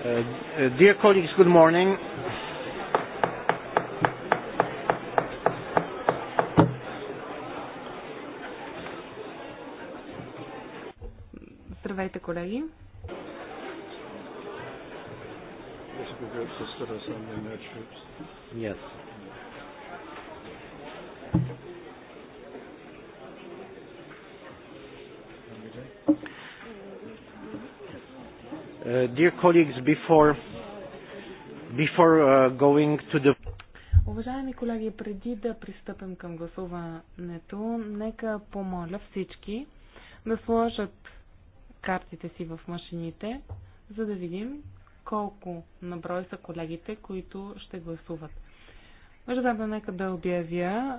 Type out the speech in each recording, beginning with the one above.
Uh, dear colleagues, good morning. Здравейте, колеги. Yes. Uh, dear colleagues, before, before uh, going to the... Уважаеми колеги, преди да пристъпим към гласуването, нека помоля всички да сложат картите си в машините, за да видим колко наброй са колегите, които ще гласуват. Може да нека да обявя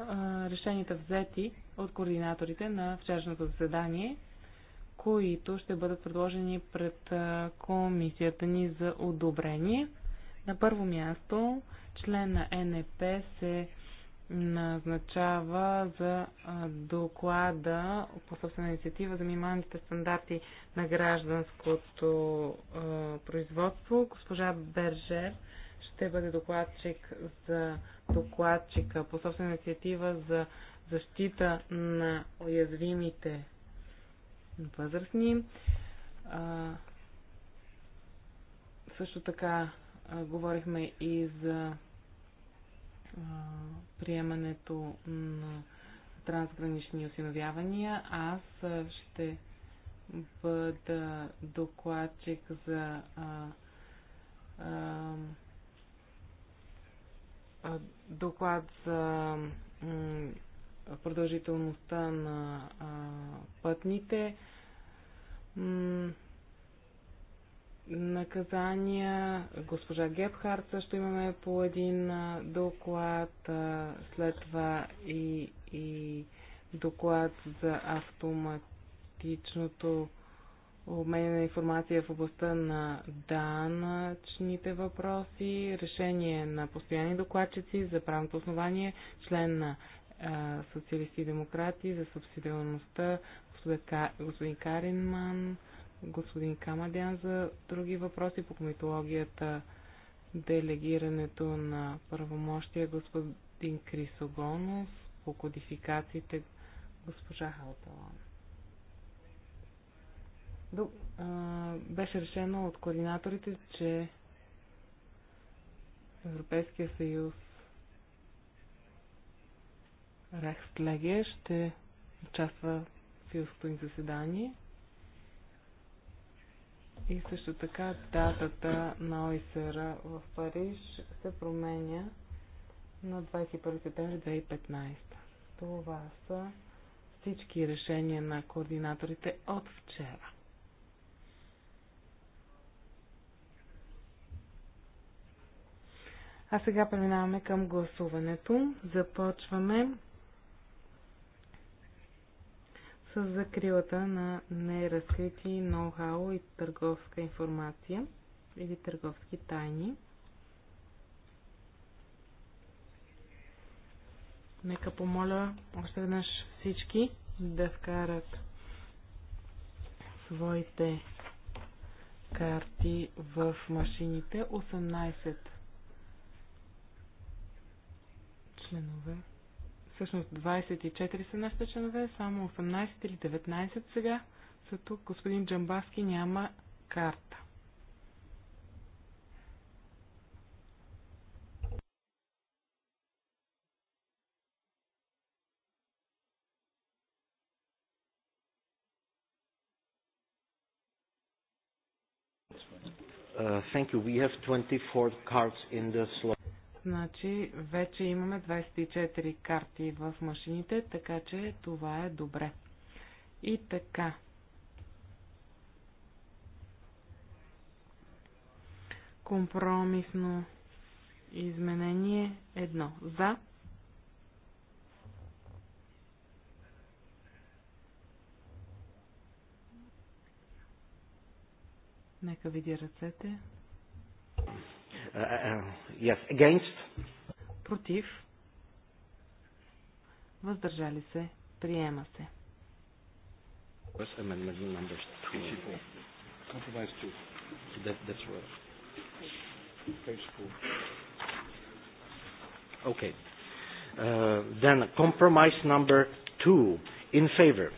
решенията взети от координаторите на вчерашното заседание – които ще бъдат предложени пред комисията ни за одобрение. На първо място член на НП се назначава за доклада по собствена инициатива за минималните стандарти на гражданското производство. Госпожа Бержер ще бъде докладчик за докладчика по собствена инициатива за защита на уязвимите възрастни. А, също така а, говорихме и за а, приемането на трансгранични осиновявания. Аз ще бъда докладчик за а, а, доклад за продължителността на пътните наказания. Госпожа Гепхард също имаме по един доклад, след това и, и доклад за автоматичното обмене на информация в областта на данъчните въпроси, решение на постоянни докладчици за правното основание, член на социалисти и демократи, за субсидиалността, господин Каринман, господин Камадян за други въпроси по комитологията, делегирането на правомощия, господин Крисогонов, по кодификациите, госпожа Халталон. беше решено от координаторите, че Европейския съюз Рахслегер ще участва в филското ни заседание. И също така датата на ОИСР в Париж се променя на 21 септември 2015. Това са всички решения на координаторите от вчера. А сега преминаваме към гласуването. Започваме с закрилата на неразкрити ноу-хау и търговска информация или търговски тайни. Нека помоля още веднъж всички да вкарат своите карти в машините. 18 членове Всъщност 24 са нашите членове, само 18 или 19 сега са тук. Господин Джамбаски няма карта. Uh, thank you. We have 24 cards in the slot. Значи вече имаме 24 карти в машините, така че това е добре. И така. Компромисно изменение Едно. За. Нека видя ръцете. Uh yes, against. Против. Въздържали се. Приема се. Where's amendment number 2? Compromise 2. That, that's right. Page 4. Okay. Uh, then compromise number 2 in favor.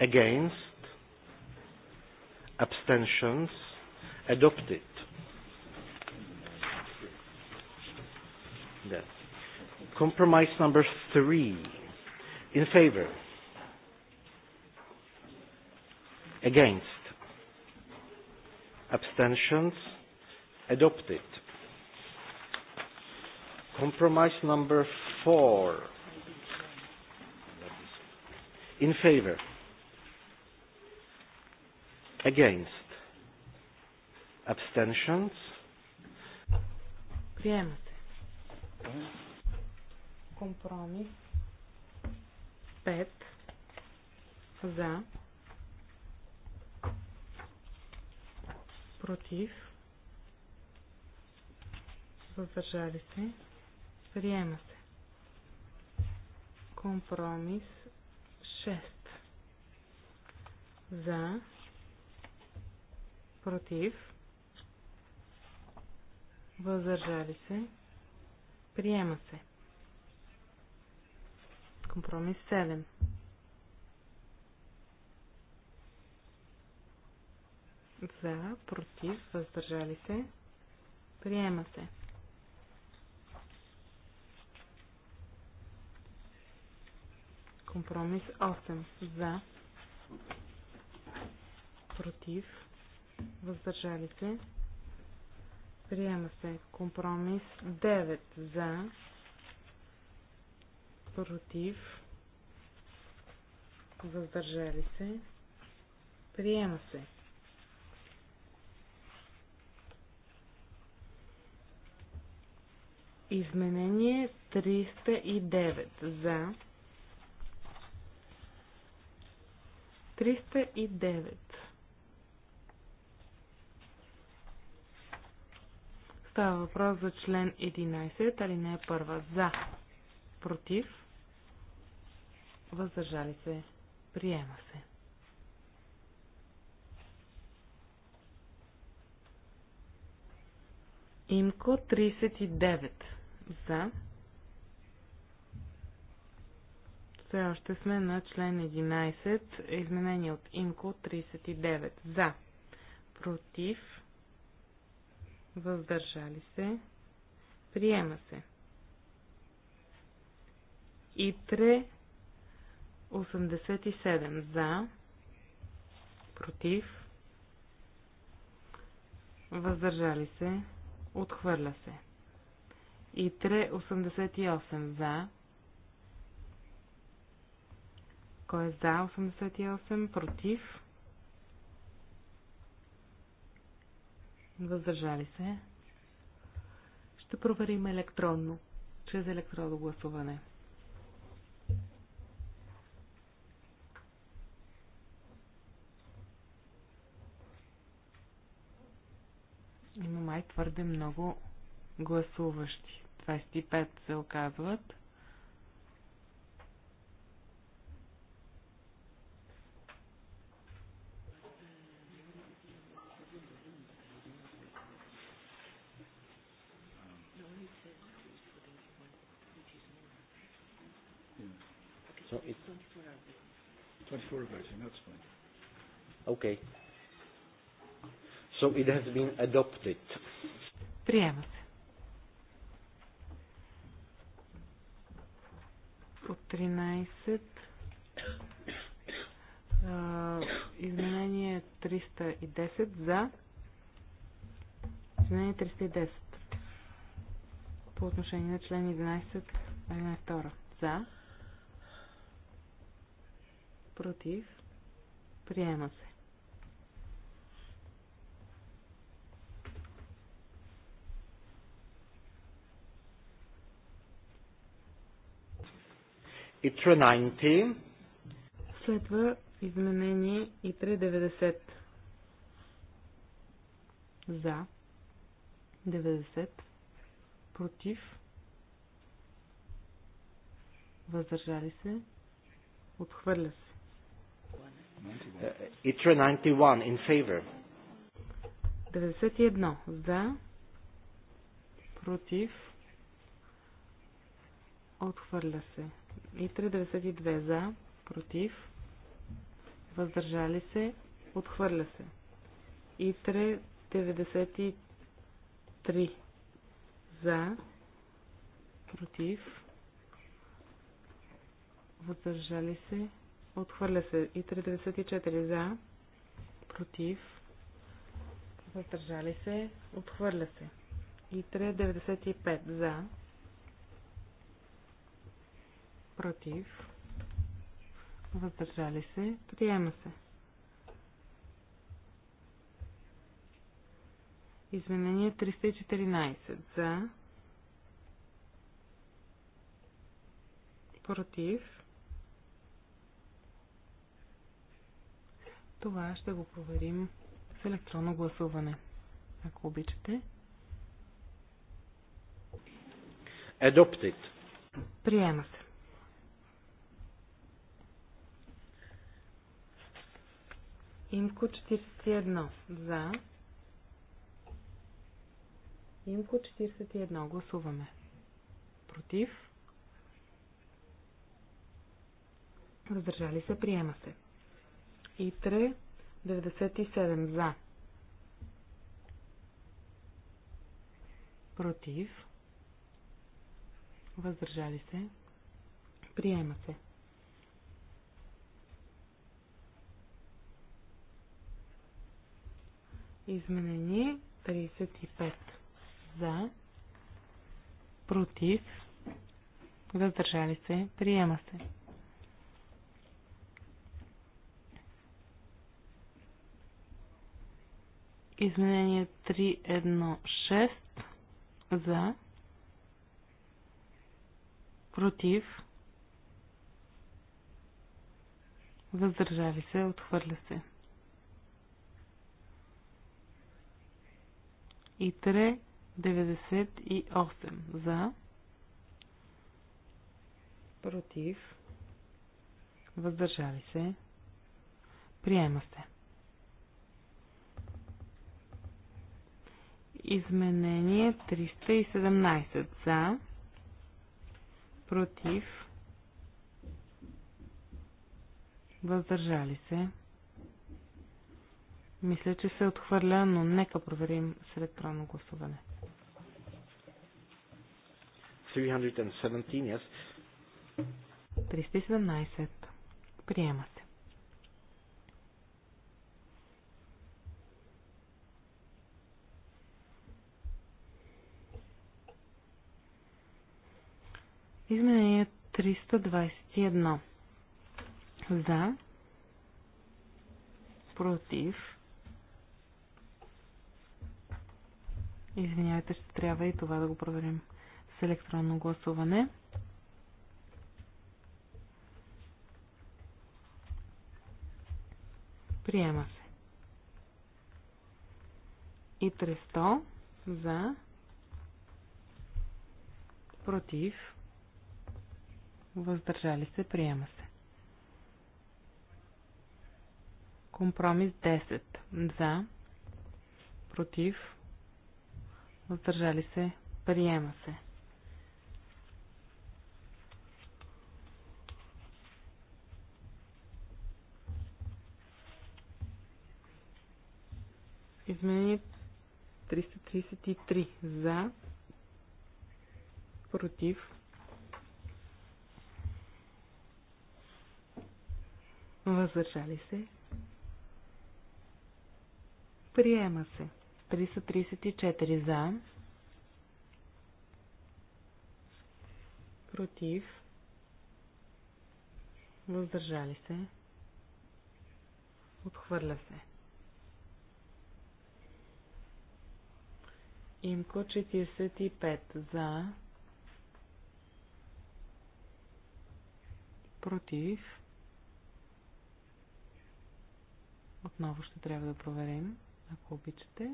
Against abstentions adopted. Yes. Compromise number three in favor against abstentions adopted. Compromise number four in favor Against. Abstentions. Приема се. Компромис. 5. За. Против. Въздържали се. Приема се. Компромис 6. За против, въздържали се, приема се. Компромис 7. За, против, въздържали се, приема се. Компромис 8. За, против, въздържали се, приема се компромис 9 за, против, въздържали се, приема се. Изменение 309 за 309 Става въпрос за член 11, али не е първа За, против, въздържали се, приема се. Имко 39 за. Все още сме на член 11. Изменение от Имко 39 за. Против въздържали се, приема се. И 3, 87 за, против, въздържали се, отхвърля се. И 3, 88 за, кой е за 88, против, Въздържали се. Ще проверим електронно, чрез електронно гласуване. Има май твърде много гласуващи. 25 се оказват. 24 version, that's fine. Okay. So it has been adopted. Приема се. По 13 изменение 310 за изменение 310 по отношение на член 11 2 за против, приема се. И 390. Следва изменение и 90. За. 90. Против. Въздържали се. Отхвърля се. Итра uh, 91 in favor. 91 за. Против. Отхвърля се. Итра 92 за. Против. Въздържали се. Отхвърля се. Итре 93 за. Против. Въздържали се. Отхвърля се и 394 за. Против. Въздържали се. Отхвърля се. И 395 за. Против. Въздържали се. Приема се. Изменение 314 за. Против Това ще го проверим с електронно гласуване. Ако обичате. Adopted. Приема се. Имко 41. За. Имко 41. Гласуваме. Против. Въздържали се. Приема се. ИТРЕ 97 за. Против. Въздържали се. Приема се. Изменение 35 за. Против. Въздържали се. Приема се. Изменение 316 за против въздържали се, отхвърля се. И 3 за против въздържали се, приема се. Изменение 317 за, против, въздържали се. Мисля, че се отхвърля, но нека проверим с електронно гласуване. 317, yes. 317. Приема се. Изменение 321. За. Против. Извинявайте, ще трябва и това да го проверим с електронно гласуване. Приема се. И 300 за против въздържали се, приема се. Компромис 10. За, против, въздържали се, приема се. Изменение 333. За, против, Въздържали се. Приема се. 334 за. Против. Въздържали се. Отхвърля се. Имко 45 за. Против Отново ще трябва да проверим, ако обичате.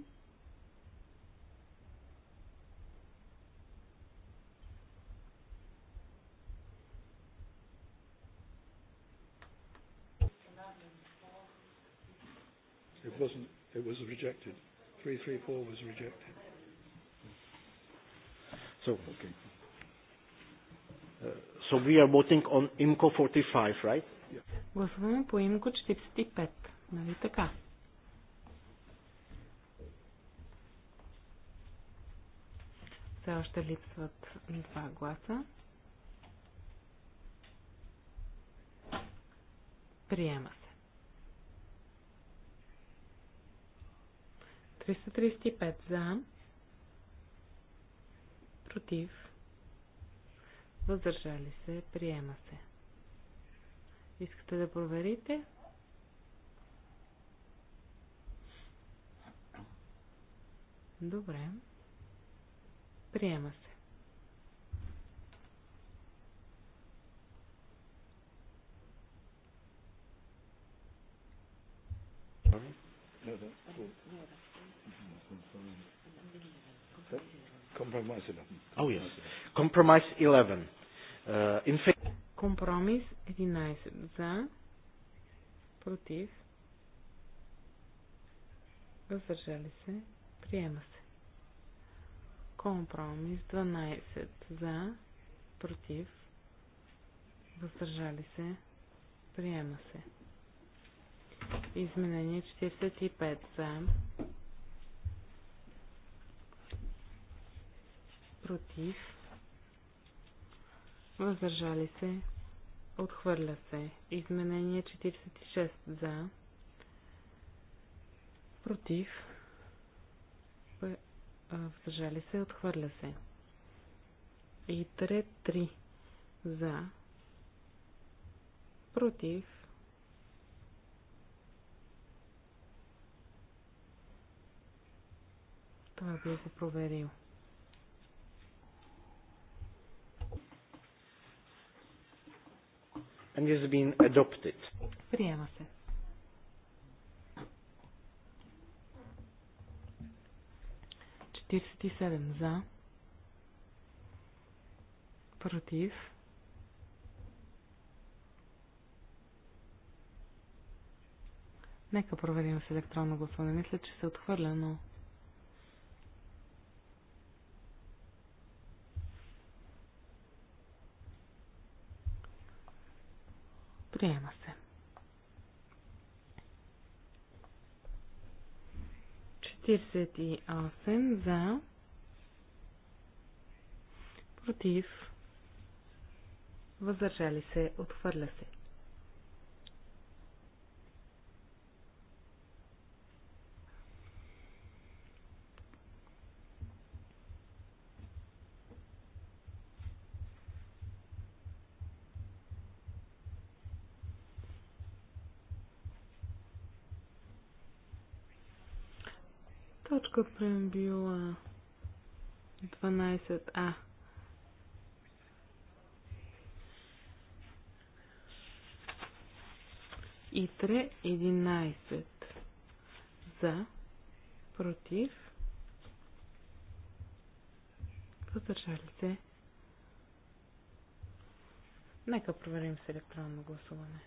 It wasn't. It was rejected. 334 was rejected. So okay. Uh, so we are voting on IMCO 45, right? Yeah. Гласуваме по IMCO 45. Нали така? Все още липсват два гласа. Приема се. 335 за. Против. Въздържали се. Приема се. Искате да проверите? Добре. Приема се. Компромис 11. Компромис 11. Uh, За. Против. Въздържали се. Приема се. Компромис 12 за, против, въздържали се, приема се. Изменение 45 за, против, въздържали се, отхвърля се. Изменение 46 за, против, въздържали се, отхвърля се. И три за, против, това би го проверил. And has been adopted. Приема се. 47 за, против, Нека проверим с електронно гласуване. Мисля, че се отхвърля, но... Приема се. 48 за, против, въздържали се, отхвърля се. прем била 12а. И 3, 11 за, против, въздържали се. Нека проверим с електронно гласуване.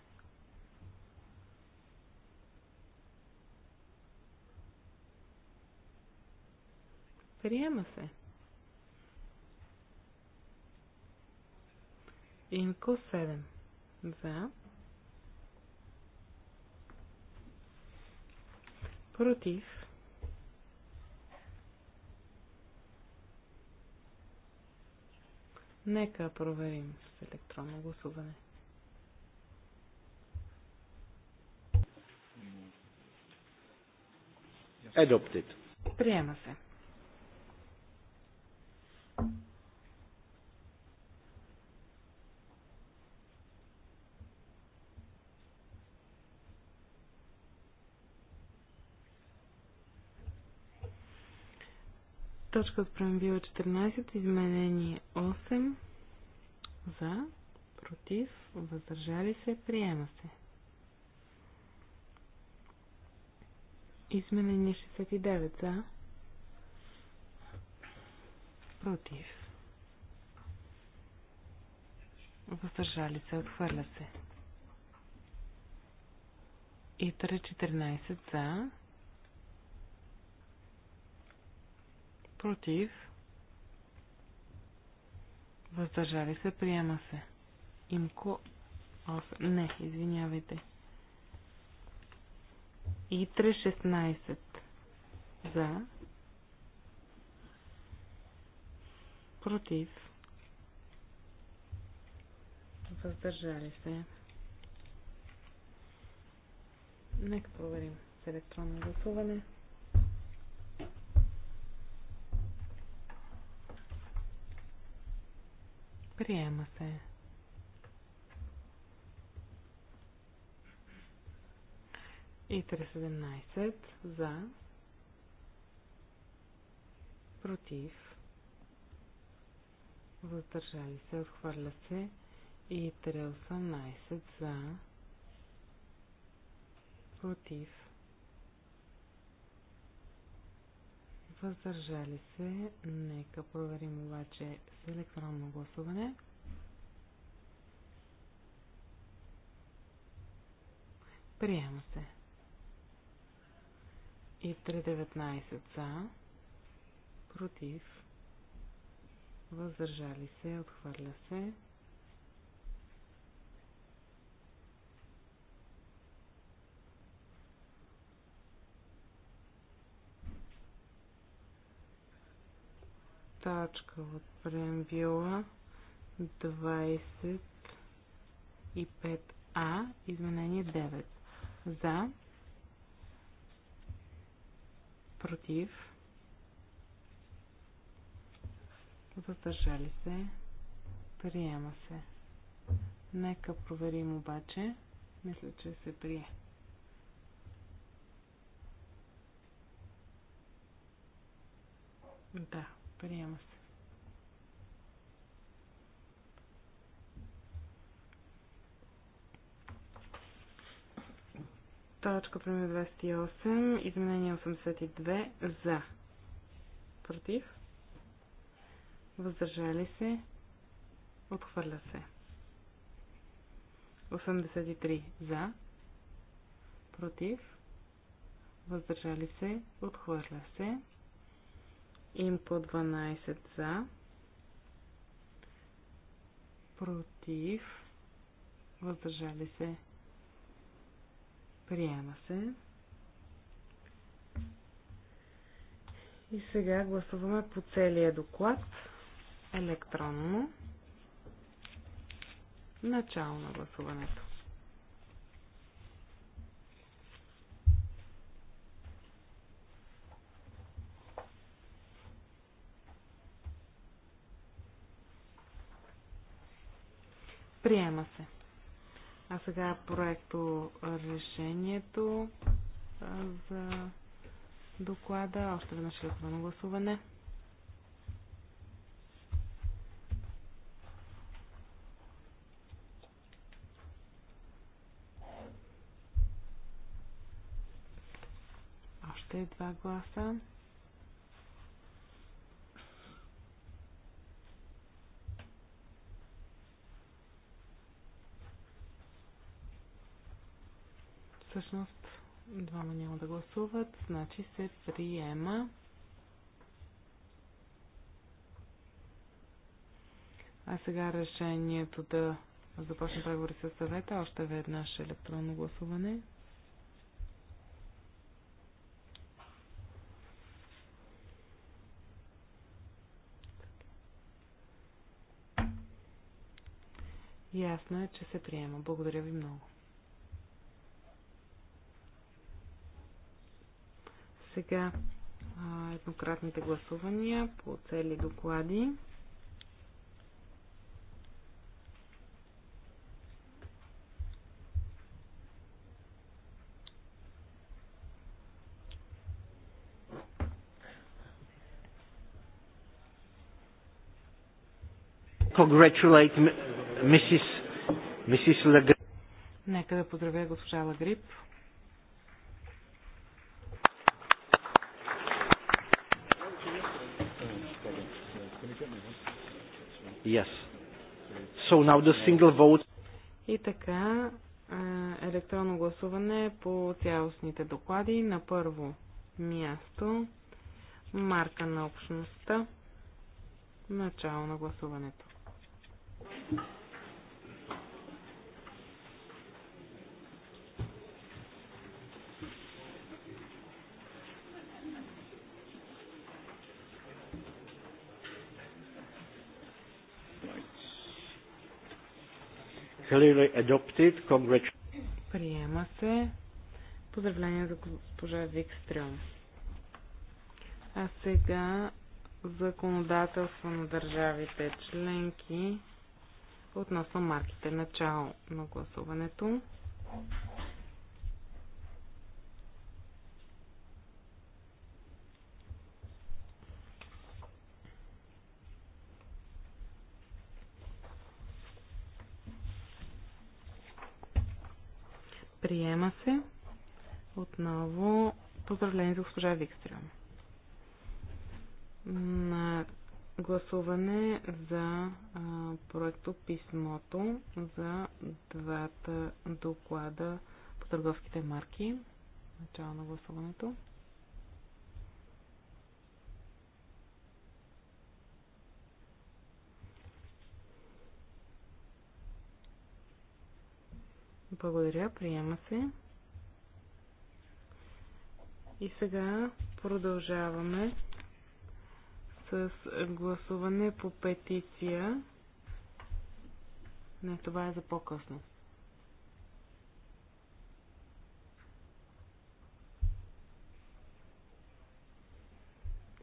Приема се. Инко 7. За. Против. Нека проверим с електронно гласуване. Adopted. Приема се. точка от преамбила 14, изменение 8, за, против, въздържали се, приема се. Изменение 69 за. Против. Въздържали се, отхвърля се. И 3, 14 за. против, въздържали се, приема се. Имко 8. Не, извинявайте. И 3.16 за, против, въздържали се. Нека проверим с електронно гласуване. Приема се. И 317 за. Против. Въздържали се. Отхвърля се. И 318 за. Против. Въздържали се. Нека проверим обаче електронно гласуване. Приема се. И 3.19 за, против, въздържали се, отхвърля се. точка от преамбюла 25а, изменение 9. За, против, въздържали се, приема се. Нека проверим обаче. Мисля, че се прие. Да, Приема се. Точка пример 28. изменение 82, за. Против. Въздържали се. Отхвърля се. 83 за. Против. Въздържали се. Отхвърля се по 12 за. Против. Въздържали се. Приема се. И сега гласуваме по целия доклад електронно. Начало на гласуването. Приема се. А сега проекто решението за доклада. Още веднъж на гласуване. Още два гласа. Всъщност, двама няма да гласуват, значи се приема. А сега решението да започне преговори с съвета, още веднъж електронно гласуване. Ясно е, че се приема. Благодаря ви много. Сега еднократните гласувания по цели доклади. congratulate Mrs. Mrs. Нека да поздравя госпожа Лагрип. Yes. So now the single vote. И така, електронно гласуване по цялостните доклади на първо място марка на общността начало на гласуването. Clearly adopted. Congratulations. Приема се. Поздравления за госпожа Викстрем. А сега законодателство на държавите членки относно марките. Начало на гласуването. Приема се. Отново поздравление за госпожа Викстрюм. На гласуване за а, проекто писмото за двата доклада по търговските марки. Начало на гласуването. Благодаря, приема се. И сега продължаваме с гласуване по петиция. Не, това е за по-късно.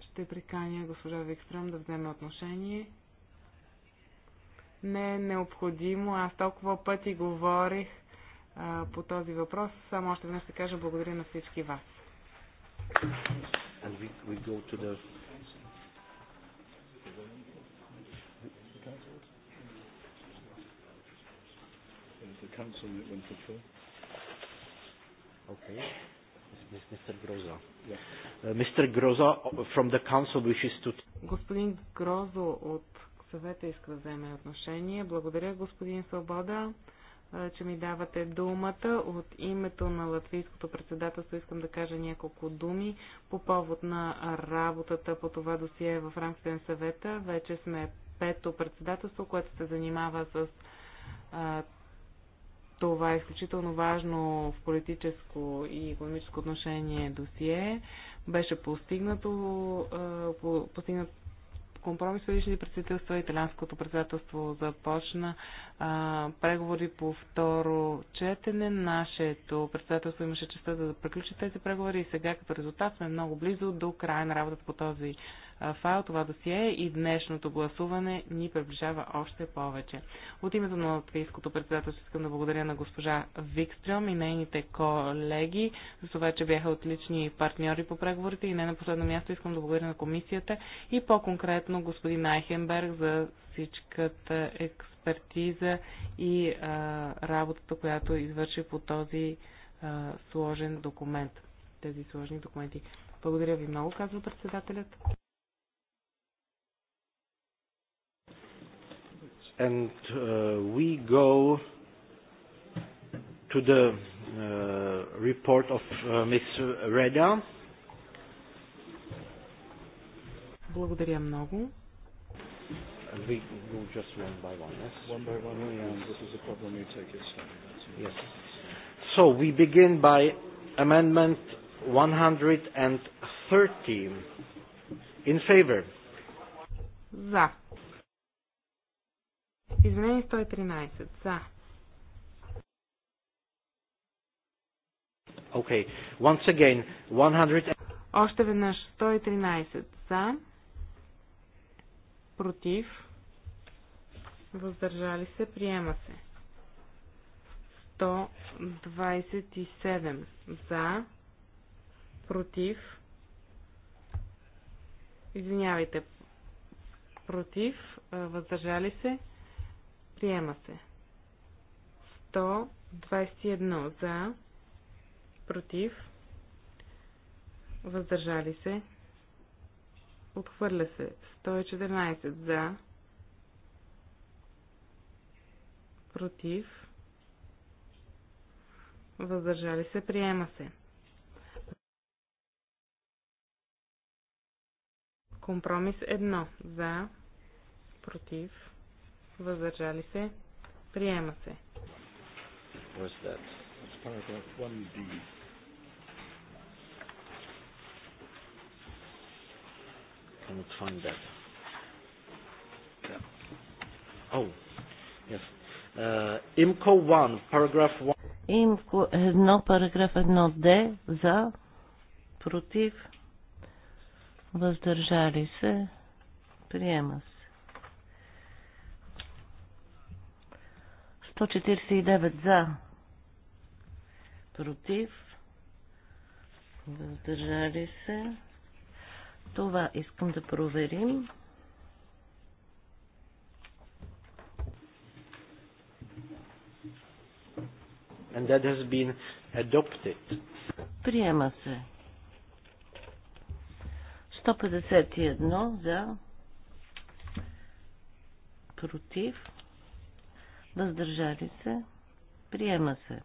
Ще приканя госпожа Викстрам да вземе отношение. Не е необходимо. Аз толкова пъти говорих по този въпрос. Само още веднъж ще кажа благодаря на всички вас. And we, we go to the... Okay. Mr. Yeah. Mr. from the council wishes to... Господин Грозо от съвета иска да вземе отношение. Благодаря, господин Свобода че ми давате думата. От името на Латвийското председателство искам да кажа няколко думи по повод на работата по това досие в рамките на съвета. Вече сме пето председателство, което се занимава с а, това е изключително важно в политическо и економическо отношение досие. Беше постигнато, по, постигнат компромис личните председателства. Италианското председателство започна а, преговори по второ четене. Нашето председателство имаше честа да приключи тези преговори и сега като резултат сме много близо до края на работата по този файл, това досие и днешното гласуване ни приближава още повече. От името на Латвийското председателство искам да благодаря на госпожа Викстрем и нейните колеги за това, че бяха отлични партньори по преговорите и не на последно място искам да благодаря на комисията и по-конкретно господин Айхенберг за всичката експертиза и а, работата, която извърши по този а, сложен документ. Тези сложни документи. Благодаря ви много, казва председателят. and uh, we go to the report of uh, Ms. Reda. Благодаря много. And we go just one by one, yes? One by one, yeah. This is a problem you take it slowly. Yes. So we begin by amendment 130. In favor? За. Изменение 113. За. Okay. Once again, 100... Още веднъж 113 за, против, въздържали се, приема се. 127 за, против, извинявайте, против, въздържали се, Приема се. 121 за, против, въздържали се, отхвърля се. 114 за, против, въздържали се, приема се. Компромис 1 за, против, въздържали се, приема се. Имко uh, 1, параграф 1. Имко 1, параграф 1 Д за, против, въздържали се, приема се. 149 за. Против. Въздържали се. Това искам да проверим. And that has been adopted. Приема се. 151 за против въздържали се, приема се.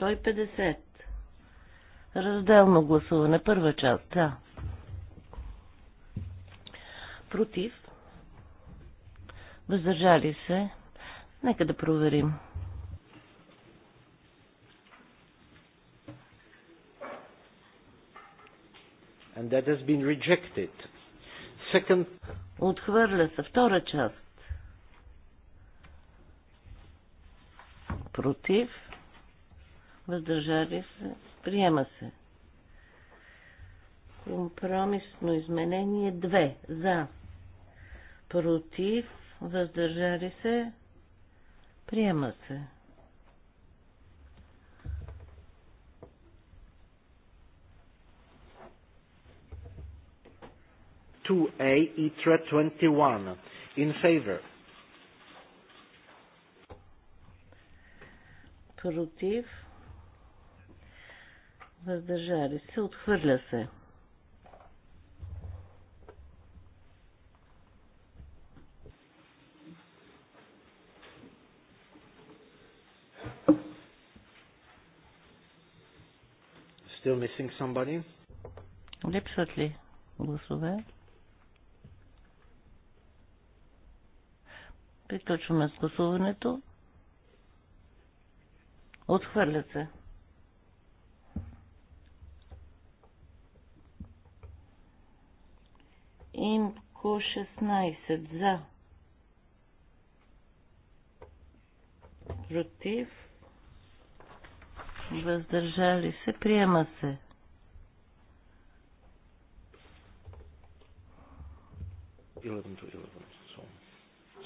150. Разделно гласуване. Първа част. Да. Против. Въздържали се. Нека да проверим. And that has been rejected. Second... Отхвърля се. Втора част. Против. Въздържали се. Приема се. Компромисно изменение 2. За. Против. Въздържали се. Приема се. 2A, ITRA 21. In favor. Против. Въздържали се. Отхвърля се. Still missing somebody? Липсват ли гласове? Приключваме с гласуването. Отхвърлят се. Имко 16 за. Против. Въздържали се. Приема се. Eleven to eleven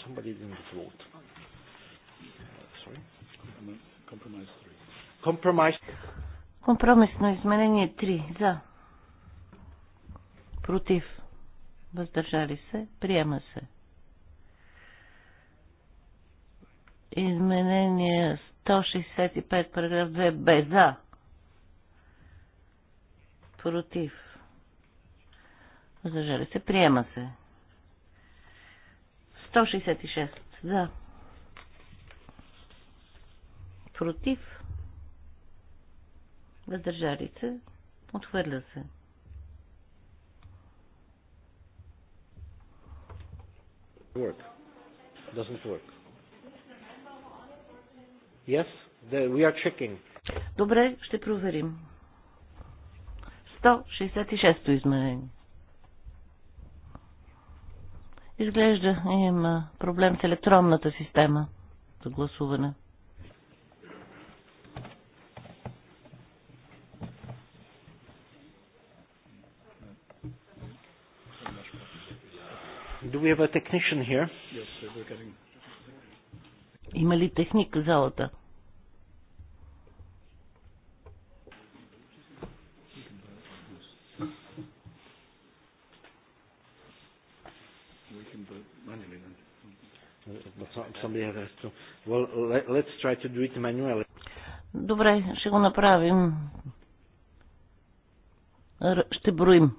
somebody didn't vote. Sorry. Compromise Compromise. Компромисно изменение 3. За. Против. Въздържали се. Приема се. Изменение 165, параграф 2. Б. За. Против. Въздържали се. Приема се. 166 за. Против. Въздържали се. Отхвърля се. Work. Doesn't work. Yes, the, we are checking. Добре, ще проверим. 166-то изменение. Изглежда има проблем с електронната система за гласуване. Do we have a technician here? Yes, sir, we're getting... Има ли техник в залата? Добре, ще го направим. Ще броим.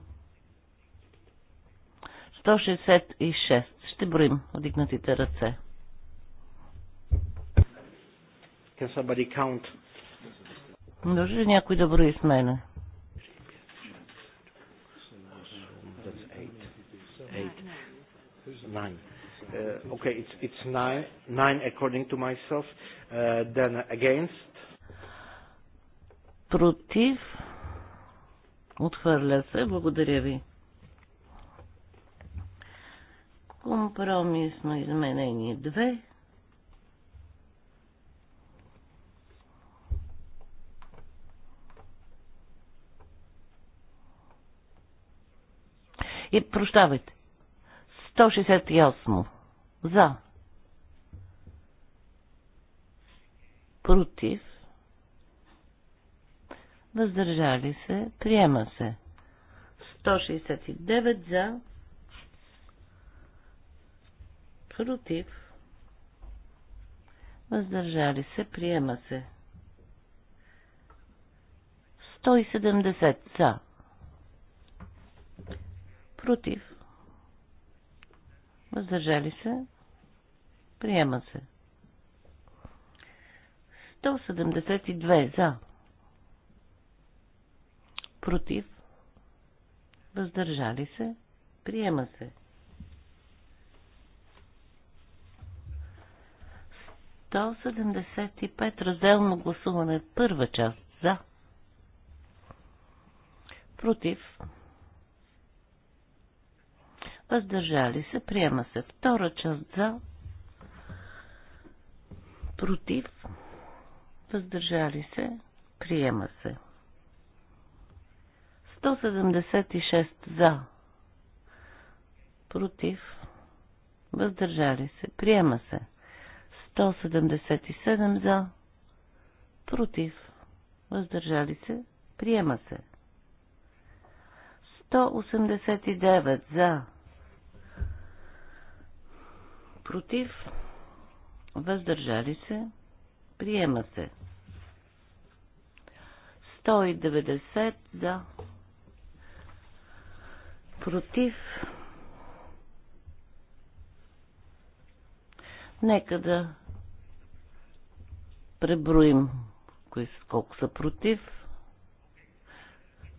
166. Ще броим вдигнатите ръце. Can somebody count? Може ли някой да брои с мене? That's eight. Eight. Nine uh, okay, it's, it's nine, nine according to myself, uh, then against. Против. Отхвърля се. Благодаря ви. Компромисно изменение 2. И прощавайте. 168. За. Против. Въздържали се. Приема се. 169 за. Против. Въздържали се. Приема се. 170 за. Против. Въздържали се. Приема се. 172 за. Против. Въздържали се. Приема се. 175 разделно гласуване. Първа част за. Против. Въздържали се. Приема се. Втора част за против, въздържали се, приема се. 176 за, против, въздържали се, приема се. 177 за, против, въздържали се, приема се. 189 за, против, въздържали се, приема се. 190 за, против. Нека да преброим кои, колко са против.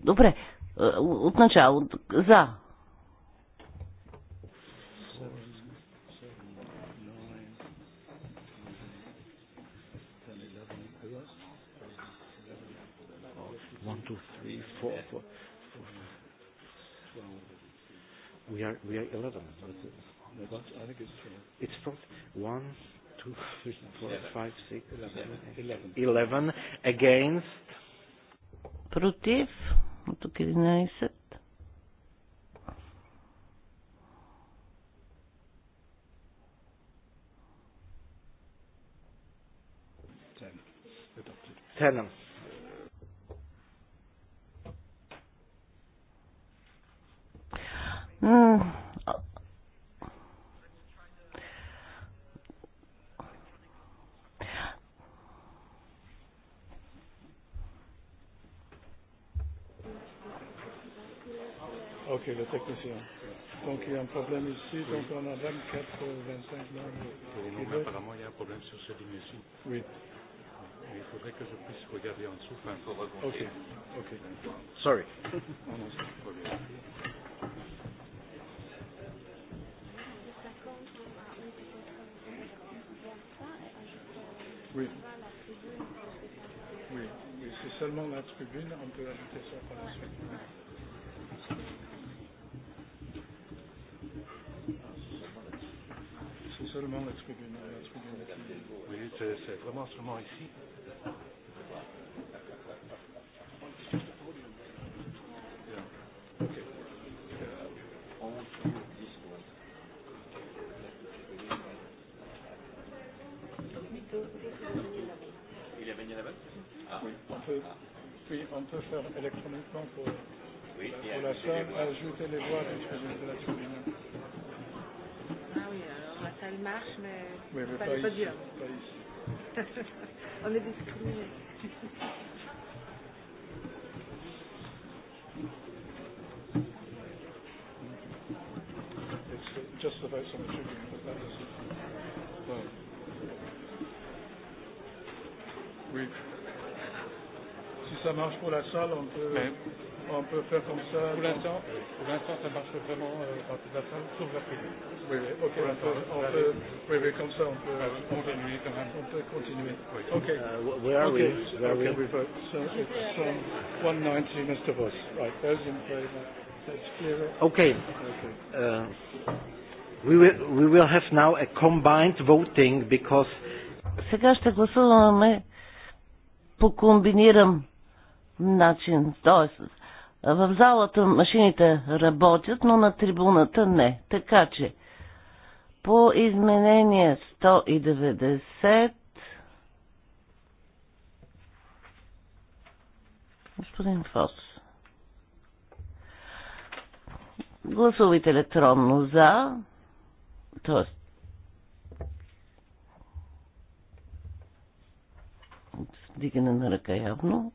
Добре, е, отначало за for, for, for we are we are 11. But what? I think it's it's from one, two, three, four, five, six, seven, eleven. Eleven against. Против. Тук 11. Tenham. Ok, le technicien. Donc il y a un problème ici, oui. donc on a 24 ou 25 membres. Pour apparemment, il y a un problème sur ce ligne ici. Oui. il faudrait que je puisse regarder en dessous. Enfin, il faudra Ok, ok. Sorry. seulement la tribune, on peut ajouter ça par la suite. C'est seulement la tribune. La tribune. Oui, c'est vraiment seulement ici. Il est venu là-bas Oui, on peut, oui, on peut faire électroniquement pour, oui, pour la salle, ajouter les voix puisque j'étais là sur Ah oui, alors la salle marche, mais, oui, mais pas, pas, pas dur. Pas ici. on est discriminé. Just about some chicken, but that doesn't. Well, we've ça marche pour la salle, on peut, Mais, on peut faire comme ça. Pour l'instant, pour l'instant, ça marche vraiment euh, dans toute la salle, sauf la tribune. Oui, oui, ok. On peut, on peut, oui, oui, comme ça, on peut euh, continuer quand même. On peut continuer. Oui. Ok. Uh, where are okay. we? Where okay, are we? Okay. So it's from 190, Mr. Voss. Right, those in favour. That's clear. Okay. okay. Uh, we will, we will have now a combined voting because сега ще гласуваме по комбиниран начин. Тоест, в залата машините работят, но на трибуната не. Така че, по изменение 190, господин Фос, гласувайте електронно за, т.е. дигане на ръка явно,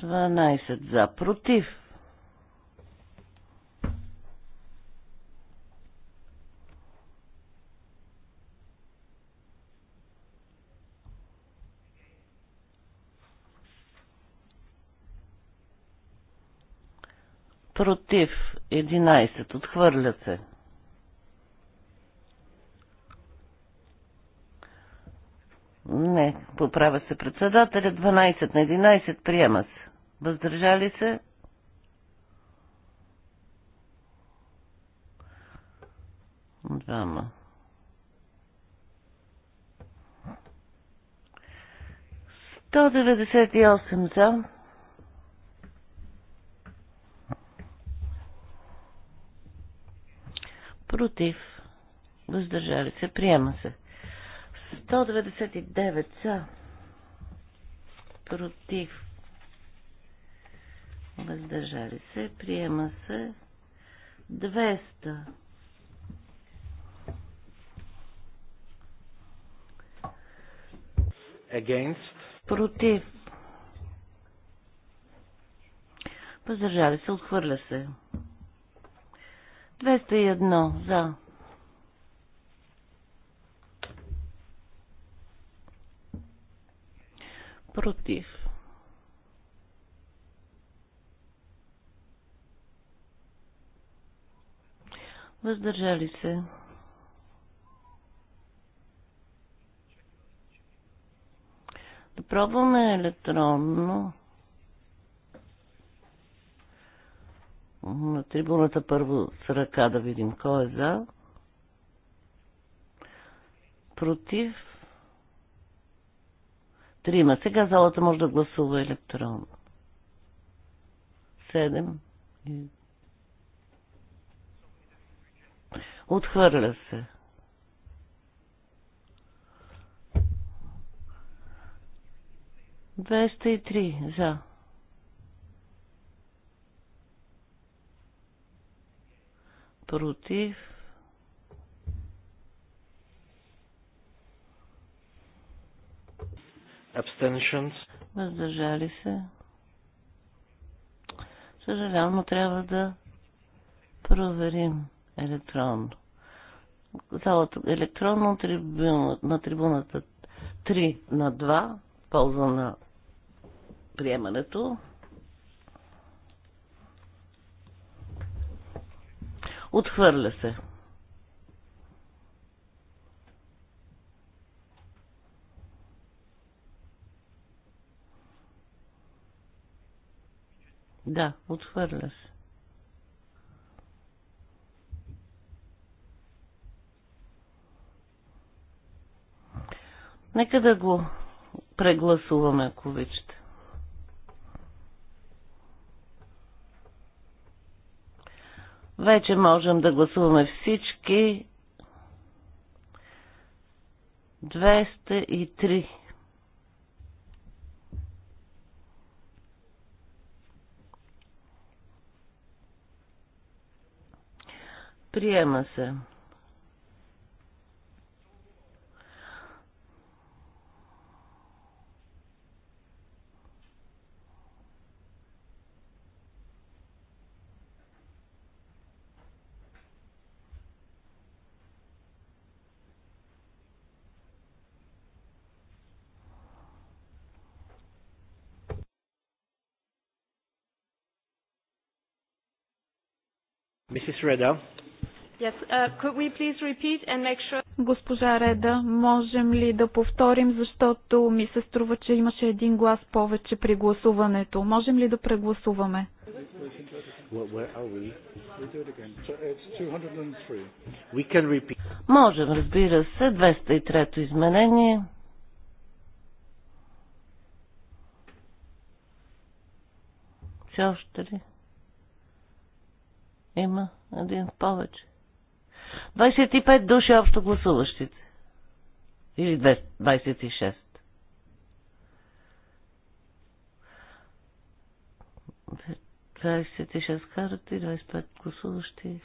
12 за, против. Против 11. Отхвърля се. Не, поправя се председателя. 12 на 11 приема се. Въздържали се? Двама. Сто деветдесет и осем за. Против. Въздържали се. Приема се. 199 са против. Въздържали се. Приема се 200. Against. Против. Въздържали се. Отхвърля се. 201 за. против. Въздържали се. Да пробваме електронно. На трибуната първо с ръка да видим кой е за. Против. Трима. Сега залата може да гласува електронно. Седем. Отхвърля се. Двеста и три за. Против. Abstentions. Въздържали се. Съжалявам, но трябва да проверим електронно. Залата електронно на трибуната 3 на 2, полза на приемането. Отхвърля се. Да, отхвърля се. Нека да го прегласуваме, ако обичате. Вече можем да гласуваме всички 203. Приема се. Mrs. Reda. Yes, uh, could we please repeat and make sure... Госпожа Реда, можем ли да повторим, защото ми се струва, че имаше един глас повече при гласуването. Можем ли да прегласуваме? Можем, разбира се, 203-то изменение. Все още ли? Има един повече. 25 души общо гласуващите. Или 26. карата и карати, 25 гласуващи.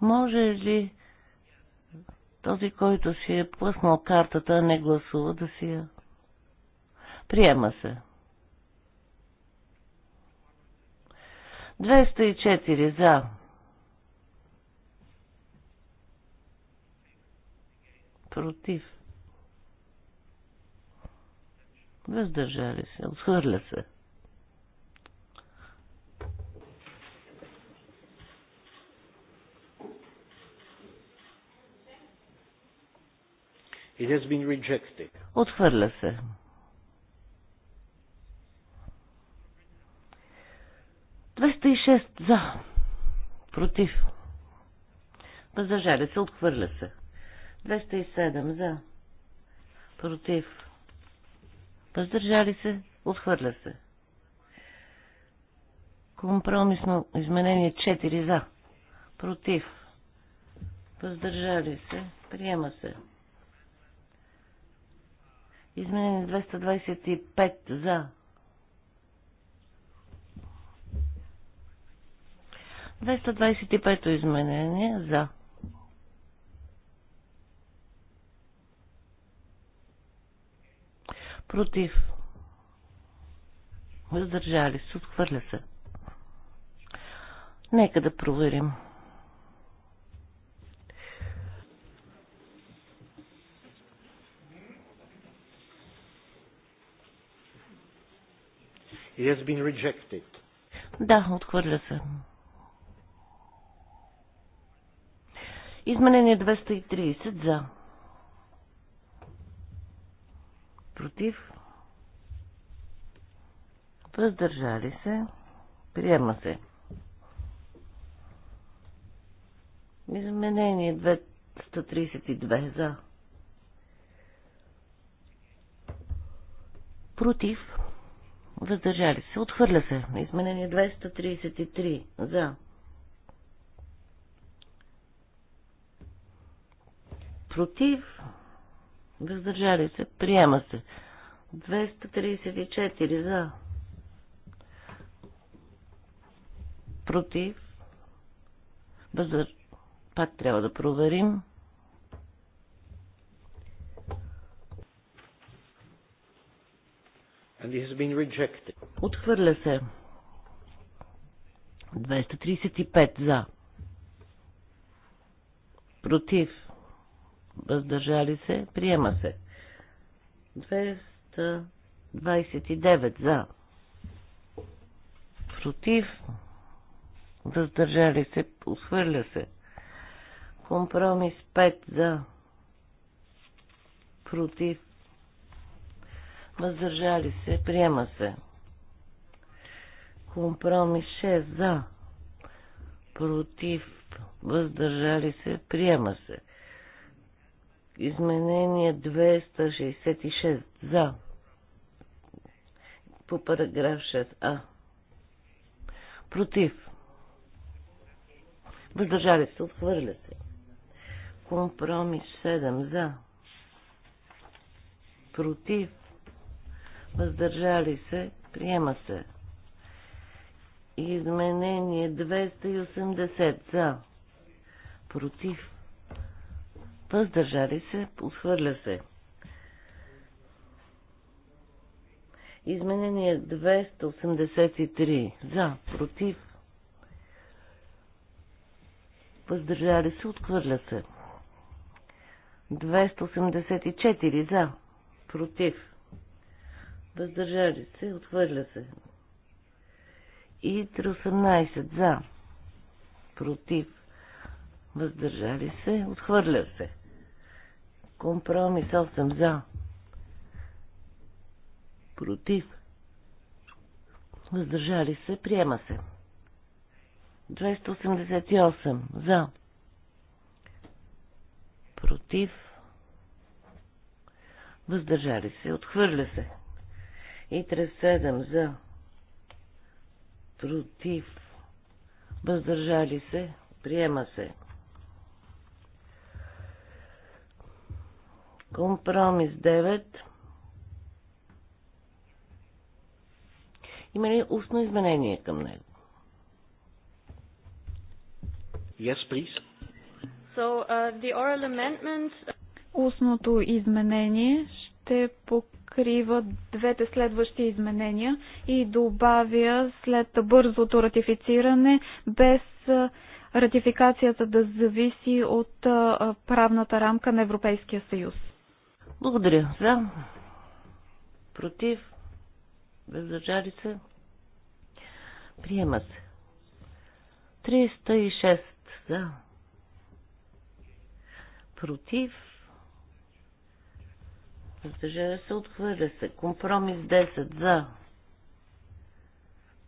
Може ли този, който си е плъснал картата, не гласува да си я... Приема се. 204 за. Против. Въздържали се. Отхвърля се. It has been rejected. Отхвърля се. 206 за. Против. Въздържали се, отхвърля се. 207 за. Против. Въздържали се, отхвърля се. Компромисно изменение 4 за. Против. Въздържали се, приема се. Изменение 225 за 225-то изменение за. Против. Въздържали се, отхвърля се. Нека да проверим. It has been rejected. Да, отхвърля се. Изменение 230 за. Против. Въздържали се. Приема се. Изменение 232 за. Против. Въздържали се. Отхвърля се. Изменение 233 за. Против. Въздържали се. Приема се. 234 за. Против. Въздър... Пак трябва да проверим. And has been rejected. Отхвърля се. 235 за. Против въздържали се, приема се. 229 за, против, въздържали се, усвърля се. Компромис 5 за, против, въздържали се, приема се. Компромис 6 за, против, въздържали се, приема се. Изменение 266 за. По параграф 6а. Против. Въздържали се, отхвърля се. Компромис 7 за. Против. Въздържали се, приема се. Изменение 280 за. Против въздържали се, отхвърля се. Изменение 283. За, против. Въздържали се, отхвърля се. 284. За, против. Въздържали се, отхвърля се. И 318. За, против. Въздържали се, отхвърля се. Компромис 8 за. Против. Въздържали се. Приема се. 288 за. Против. Въздържали се. Отхвърля се. И 37 за. Против. Въздържали се. Приема се. Компромис 9. Има ли устно изменение към него? Yes, please. So, uh, the oral amendment... Устното изменение ще покрива двете следващи изменения и добавя след бързото ратифициране без ратификацията да зависи от правната рамка на Европейския съюз. Благодаря. За. Против. Въздържали се. Приема се. 306 за. Против. Въздържали се. Отхвърля се. Компромис 10 за.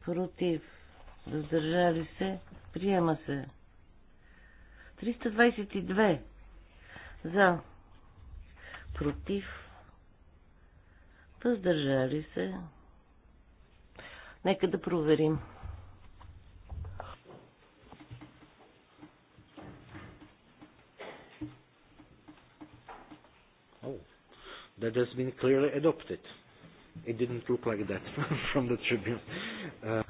Против. Въздържали се. Приема се. 322 за против, въздържали се. Нека да проверим. that has been clearly adopted. It didn't look like that from the tribune. Uh...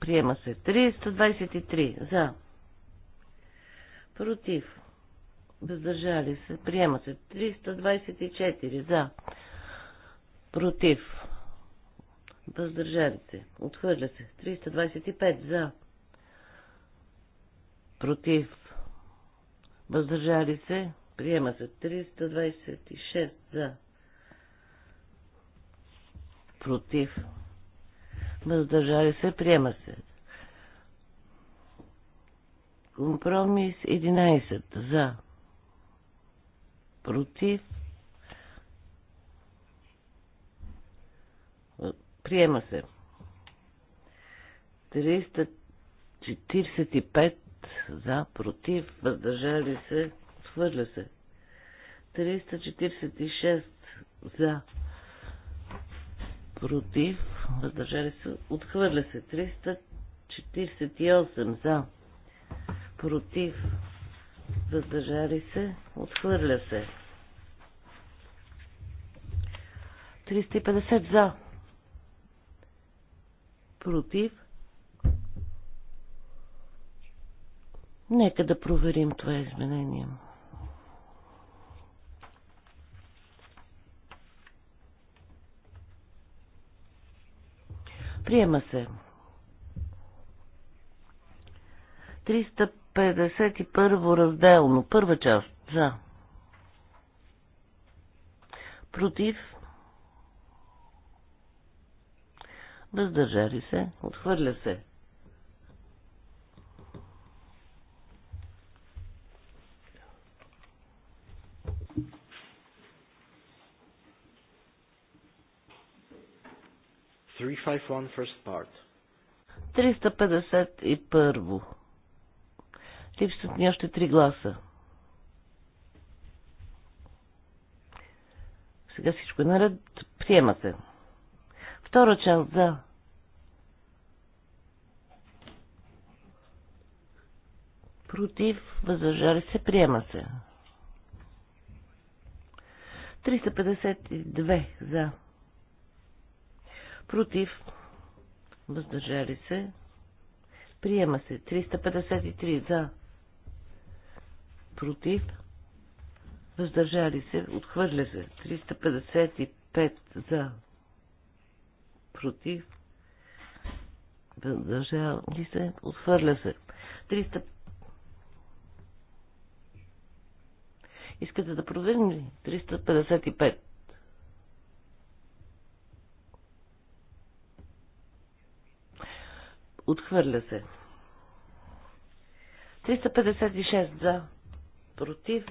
Приема се 323 за. Против. Въздържали се. Приема се. 324 за. Против. Въздържали се. Отхвърля се. 325 за. Против. Въздържали се. Приема се. 326 за. Против. Въздържали се. Приема се. Компромис 11 за против, приема се. 345 за, против, въздържали се, хвърля се. 346 за, против, въздържали се, отхвърля се. 348 за, против, въздържали се, отхвърля се. 350 за, против. Нека да проверим това изменение. Приема се. 300 51 разделно. Първа част. За. Против. Въздържали се. Отхвърля се. Three five one first part. 351. Липсват ми още три гласа. Сега всичко е наред. Приема се. Втора част за. Против, въздържали се, приема се. 352 за. Против, въздържали се, приема се. 353 за против, въздържали се, отхвърля се. 355 за, против, въздържали се, отхвърля се. 300... Искате да проверим ли? 355. Отхвърля се. 356 за против,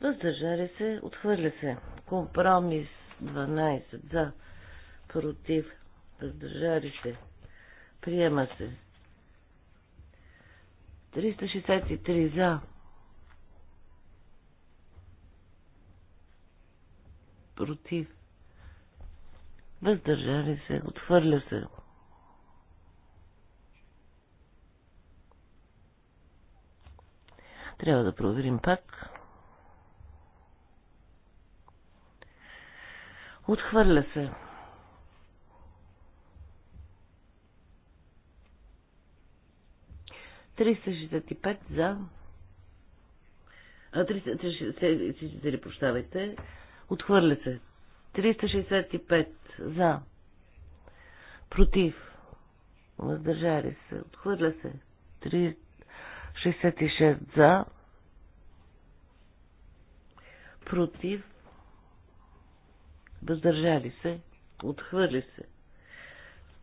въздържали се, отхвърля се. Компромис 12 за, против, въздържали се, приема се. 363 за, против, въздържали се, отхвърля се. Трябва да проверим пак. Отхвърля се. Триста за. А, 364, прощавайте. Отхвърля се. 365 за. Против. Въздържали се. Отхвърля се. 66 за, против, въздържали се, отхвърли се.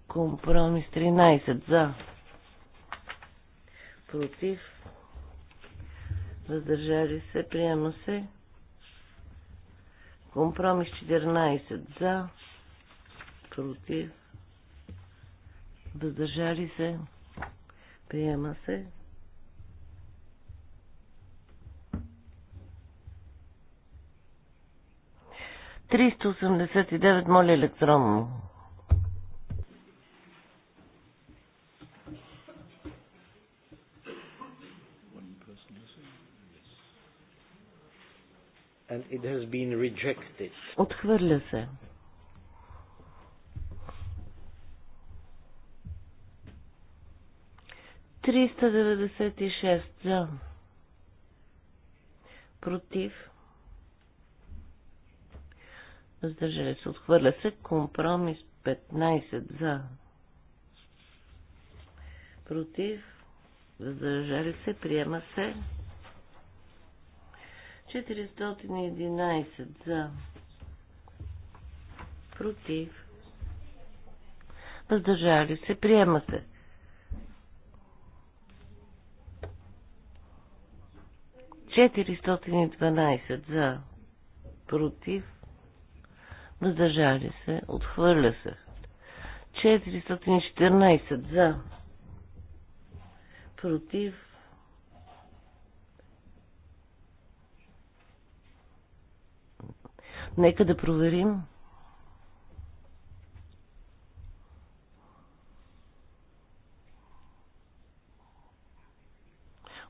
Компромис 13 за, против, въздържали се, приема се. Компромис 14 за, против, въздържали се, приема се. 389, моля електронно. And it has been rejected. Отхвърля се. Триста деветдесет и шест за. Против въздържали се, отхвърля се, компромис 15 за, против, въздържали се, приема се, 411 за, против, въздържали се, приема се. Четиристотин за, против, въздържали се, отхвърля се. 414 за, против, Нека да проверим.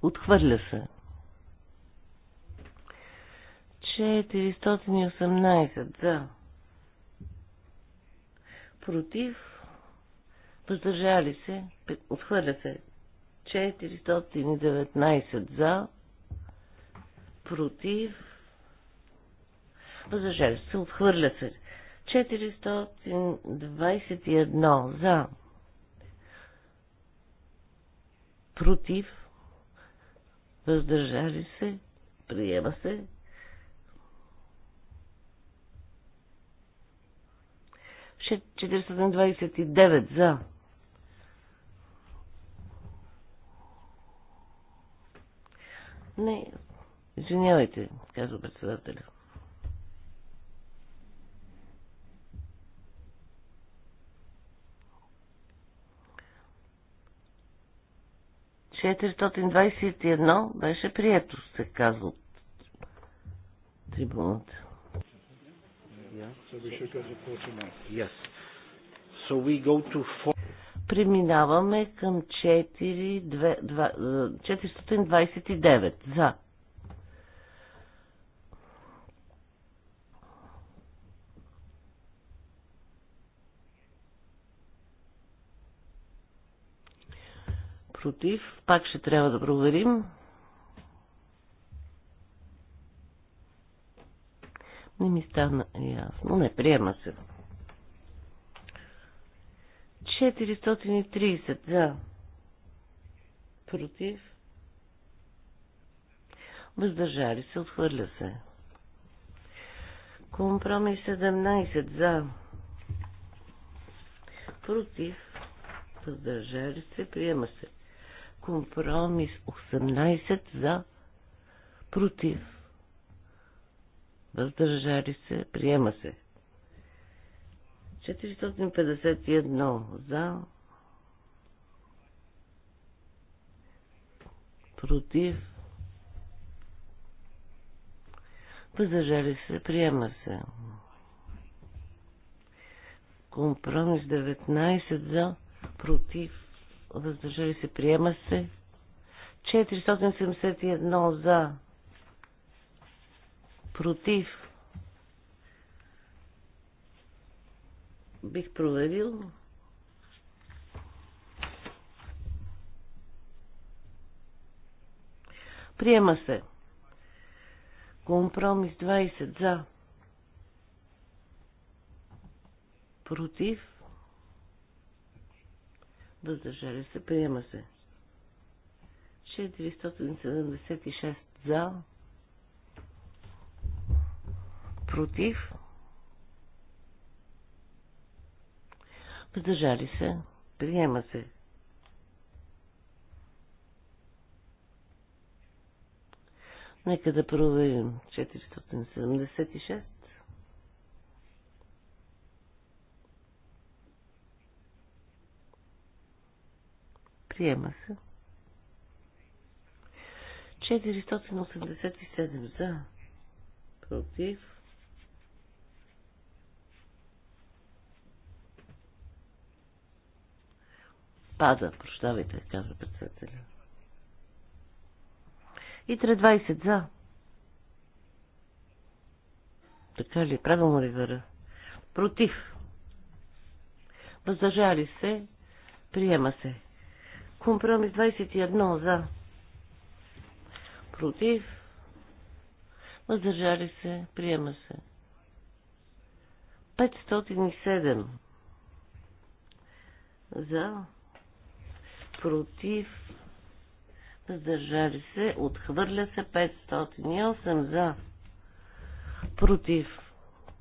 Отхвърля се. 418 за. Да против, въздържали се, отхвърля се 419 за, против, въздържали се, отхвърля се 421 за, против, въздържали се, приема се 429 за. Не, извинявайте, казва председателя. Четиристотин беше прието, се казва от трибуната. Yes. So we go to four... Преминаваме към 429 е, за. Против. Пак ще трябва да проверим. Не ми стана ясно. Не, приема се. 430 за. Против. Въздържали се, отхвърля се. Компромис 17 за. Против. Въздържали се, приема се. Компромис 18 за. Против въздържали се, приема се. 451 за, против, въздържали се, приема се. Компромис 19 за, против, въздържали се, приема се. 471 за, Против. Бих проверил. Приема се. Компромис 20 за. Против. Въздържали се. Приема се. 476 за против, въздържали се, приема се. Нека да проверим 476. Приема се. 487 за. Против. Пада, прощавайте, казва председателя. И 320 за. Така ли? Правилно ли вера? Против. Въздържали се. Приема се. Компромис 21 за. Против. Въздържали се. Приема се. 507 за против, въздържали се, отхвърля се 508 за, против,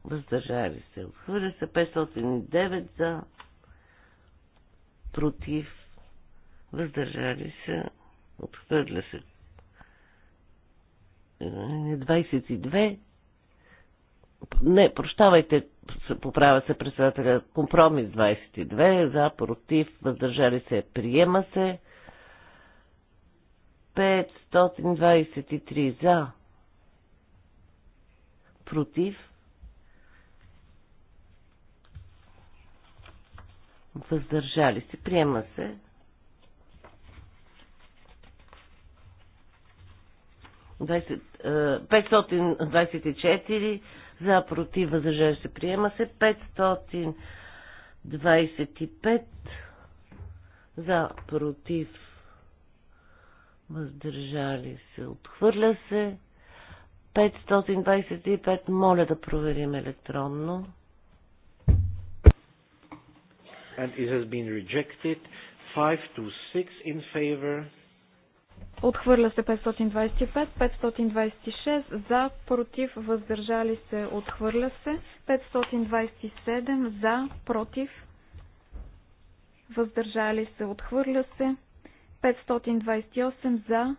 въздържали се, отхвърля се 509 за, против, въздържали се, отхвърля се 22 е, не, прощавайте, поправя се председателя. Компромис 22, за, против, въздържали се, приема се. 523 за, против, въздържали се, приема се. Двадесет, 524 е, за против възражение се приема се 525 за против въздържали се отхвърля се 525 моля да проверим електронно and it has been rejected 5 to 6 in favor Отхвърля се 525, 526 за, против, въздържали се, отхвърля се. 527 за, против, въздържали се, отхвърля се. 528 за,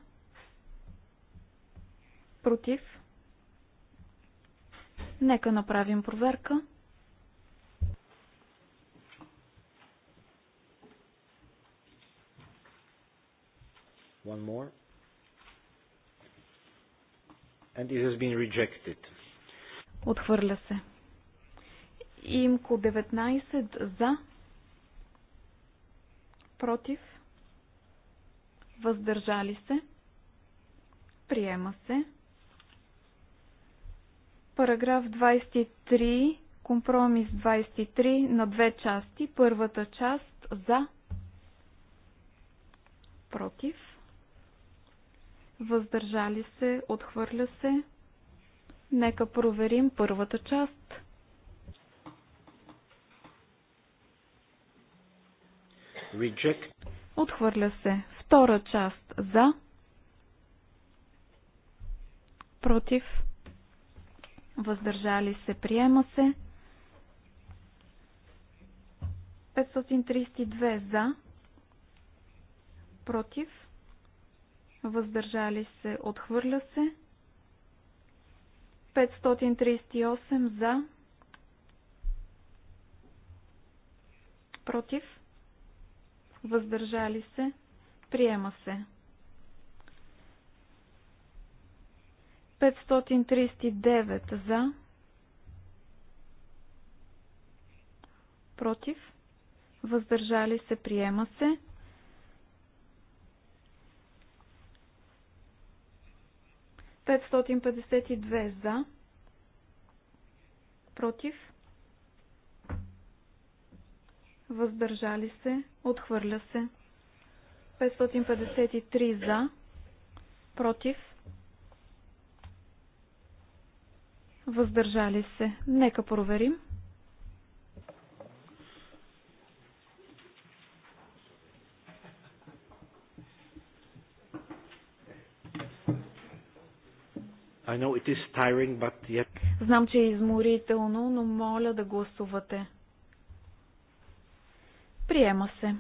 против. Нека направим проверка. One more. And it has been rejected. Отхвърля се. Имко 19 за. Против. Въздържали се. Приема се. Параграф 23, компромис 23 на две части. Първата част за, против, въздържали се, отхвърля се. Нека проверим първата част. Reject. Отхвърля се. Втора част за. Против. Въздържали се. Приема се. 532 за. Против въздържали се, отхвърля се. 538 за, против, въздържали се, приема се. 539 за, против, въздържали се, приема се. 552 за, против, въздържали се, отхвърля се. 553 за, против, въздържали се. Нека проверим. I know it is tiring, but yet... Знам, че е изморително, но моля да гласувате. Приема се.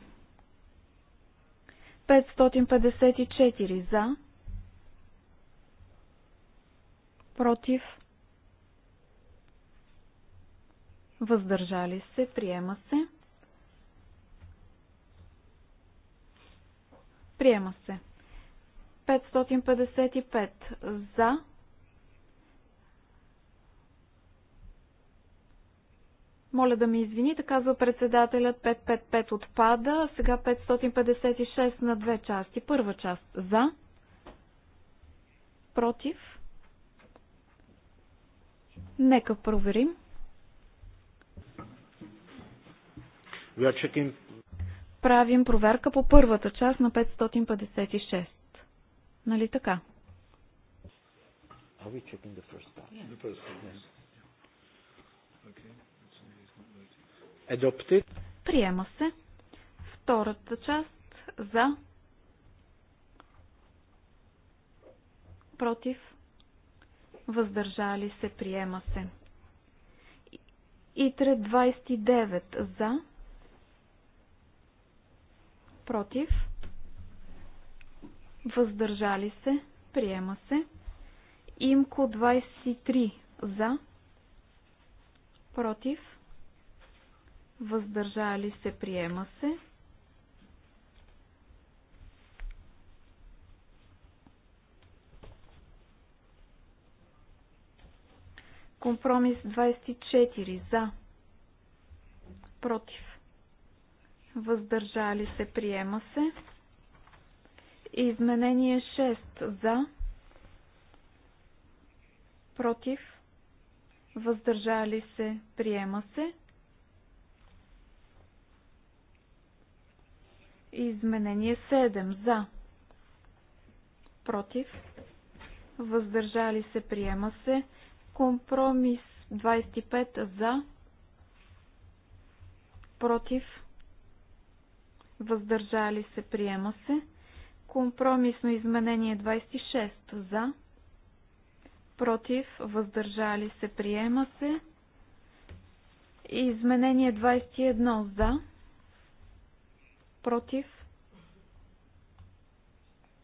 554 за. Против. Въздържали се. Приема се. Приема се. 555 за Моля да ми извините, казва председателят, 555 отпада, сега 556 на две части. Първа част за, против. Нека проверим. Правим проверка по първата част на 556. Нали така? Are we checking the first part? Yeah. The first part, yes. Okay. Adopted. Приема се. Втората част за. Против. Въздържали се. Приема се. Итре 29 за. Против. Въздържали се. Приема се. Имко 23 за. Против въздържали се, приема се. Компромис 24 за, против, въздържали се, приема се. Изменение 6 за, против, въздържали се, приема се. Изменение 7 за. Против. Въздържали се. Приема се. Компромис 25 за. Против. Въздържали се. Приема се. Компромисно изменение 26 за. Против. Въздържали се. Приема се. Изменение 21 за против,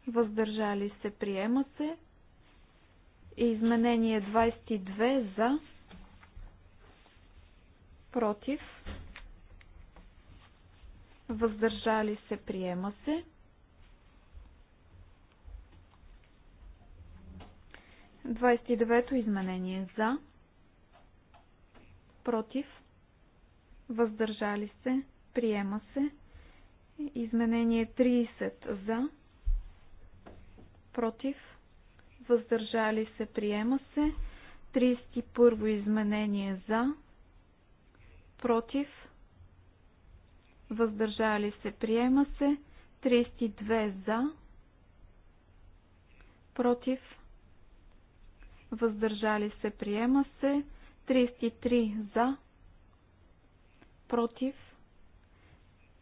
въздържали се, приема се. И изменение 22 за, против, въздържали се, приема се. Двадесет и девето изменение за, против, въздържали се, приема се. Изменение 30 за, против, въздържали се, приема се. 31 изменение за, против, въздържали се, приема се. 32 за, против, въздържали се, приема се. 33 за, против,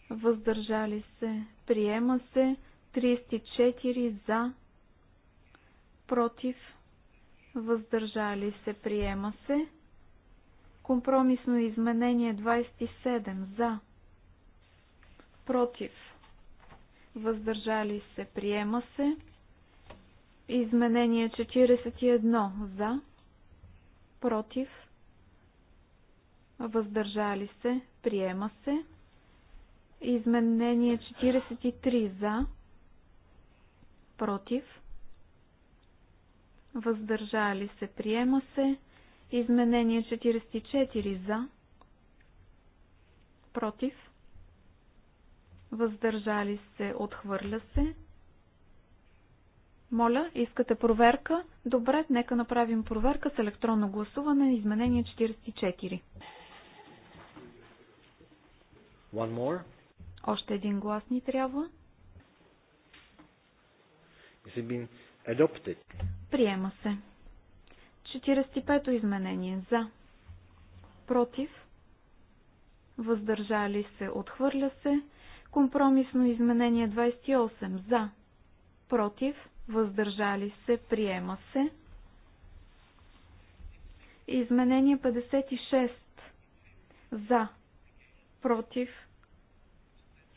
въздържали се, приема се 34 за, против, въздържали се, приема се. Компромисно изменение 27 за, против, въздържали се, приема се. Изменение 41 за, против, въздържали се, приема се. Изменение 43 за, против, въздържали се, приема се. Изменение 44 за, против, въздържали се, отхвърля се. Моля, искате проверка? Добре, нека направим проверка с електронно гласуване, изменение 44. One more. Още един глас ни трябва. Приема се. 45-то изменение за. Против. Въздържали се. Отхвърля се. Компромисно изменение 28 за. Против. Въздържали се. Приема се. Изменение 56 за. Против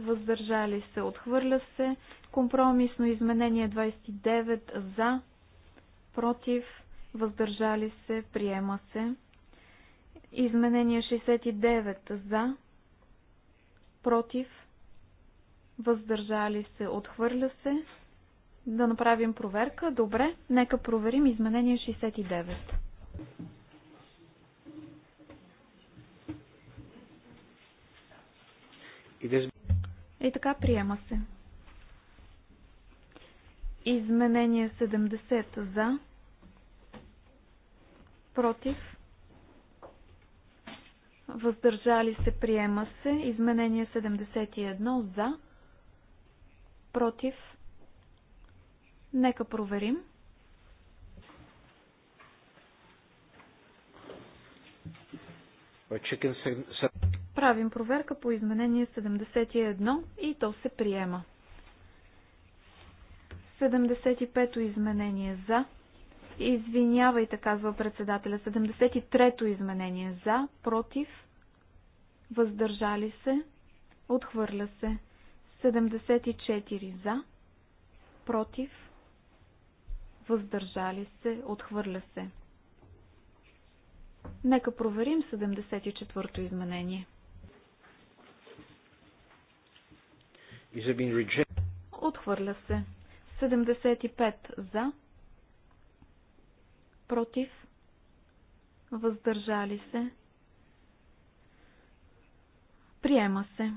въздържали се, отхвърля се. Компромисно изменение 29 за, против, въздържали се, приема се. Изменение 69 за, против, въздържали се, отхвърля се. Да направим проверка. Добре, нека проверим изменение 69. It is и така приема се. Изменение 70 за. Против. Въздържали се приема се. Изменение 71 за. Против. Нека проверим. Чекен Правим проверка по изменение 71 и то се приема. 75-то изменение за. Извинявайте, казва председателя. 73-то изменение за, против, въздържали се, отхвърля се. 74 за, против, въздържали се, отхвърля се. Нека проверим 74-то изменение. Отхвърля се. 75 за. Против. Въздържали се. Приема се.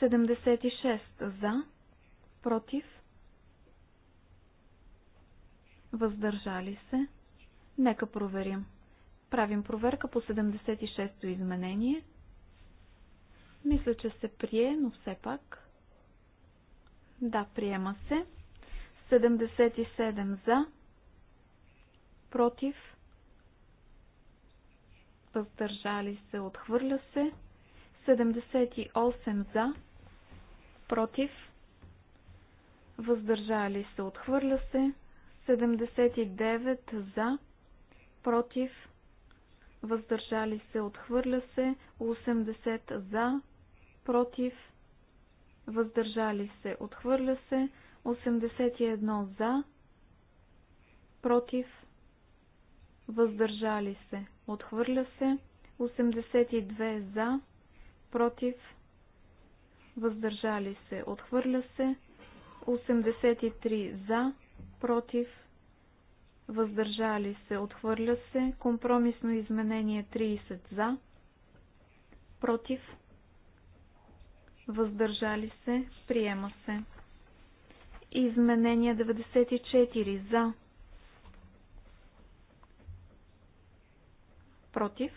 76 за. Против. Въздържали се. Нека проверим. Правим проверка по 76-то изменение. Мисля, че се прие, но все пак. Да, приема се. 77 за. Против. Въздържали се. Отхвърля се. 78 за. Против. Въздържали се. Отхвърля се. 79 за. Против. Въздържали се. Отхвърля се. 80 за. Против въздържали се, отхвърля се, 81 за, против, въздържали се, отхвърля се, 82 за, против, въздържали се, отхвърля се, 83 за, против, въздържали се, отхвърля се, компромисно изменение 30 за, против, въздържали се, приема се. Изменение 94 за, против,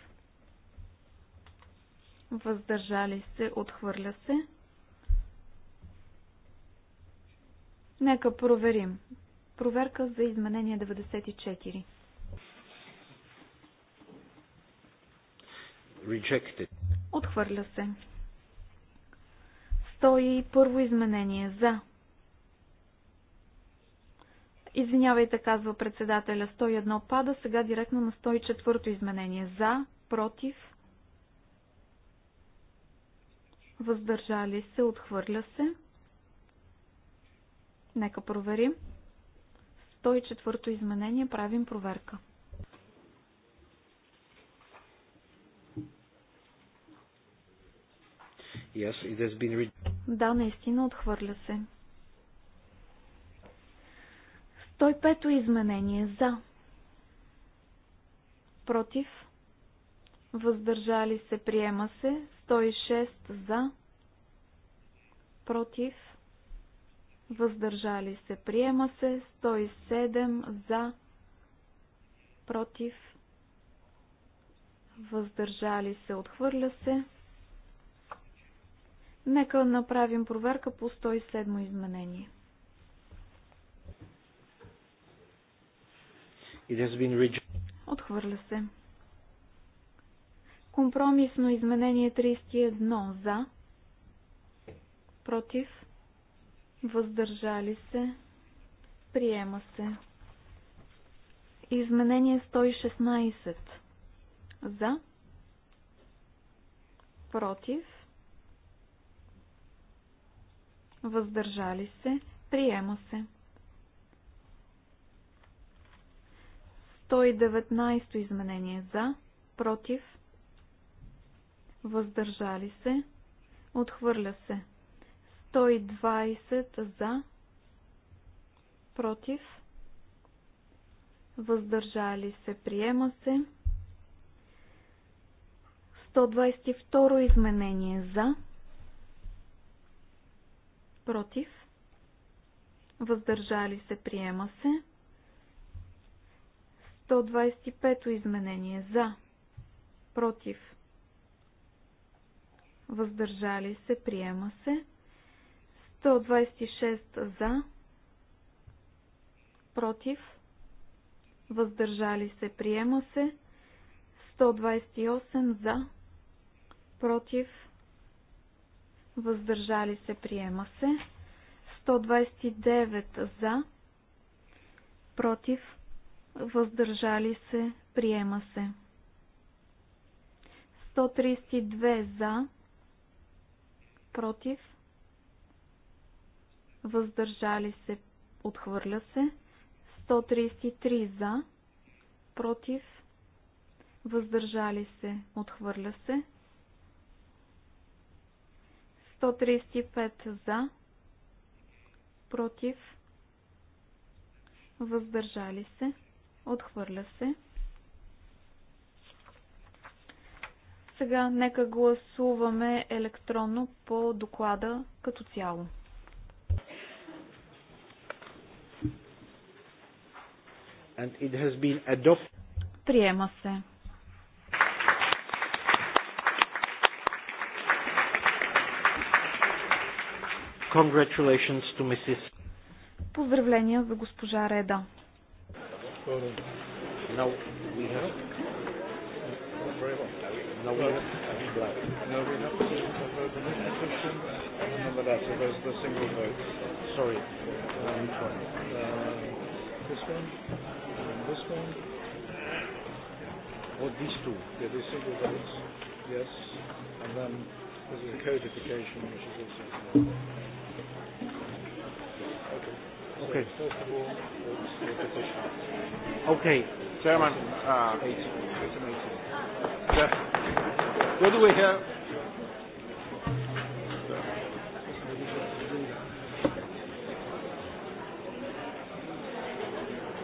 въздържали се, отхвърля се. Нека проверим. Проверка за изменение 94. Rejected. Отхвърля се. 101 изменение за. Извинявайте, казва председателя. 101 пада, сега директно на 104 изменение. За, против, въздържали се, отхвърля се. Нека проверим. 104 изменение правим проверка. Yes, it has been да, наистина отхвърля се. 105-то изменение за. Против. Въздържали се, приема се. 106 за. Против. Въздържали се, приема се. 107 за. Против. Въздържали се, отхвърля се. Нека направим проверка по 107 изменение. Отхвърля се. Компромисно изменение 31 за. Против. Въздържали се. Приема се. Изменение 116 за. Против въздържали се, приема се. 119 изменение за, против, въздържали се, отхвърля се. 120 за, против, въздържали се, приема се. 122 изменение за, против, въздържали се, приема се. 125-то изменение за, против, въздържали се, приема се. 126 за, против, въздържали се, приема се. 128 за, против, въздържали се, приема се. 129 за, против, въздържали се, приема се. 132 за, против, въздържали се, отхвърля се. 133 за, против, въздържали се, отхвърля се. 135 за, против, въздържали се, отхвърля се. Сега нека гласуваме електронно по доклада като цяло. Приема се. Congratulations to Mrs. Поздравления за госпожа Реда. we have... Now we Sorry. Yes. And then there's a codification, which is also... Okay. Okay. Chairman, uh, what do we have?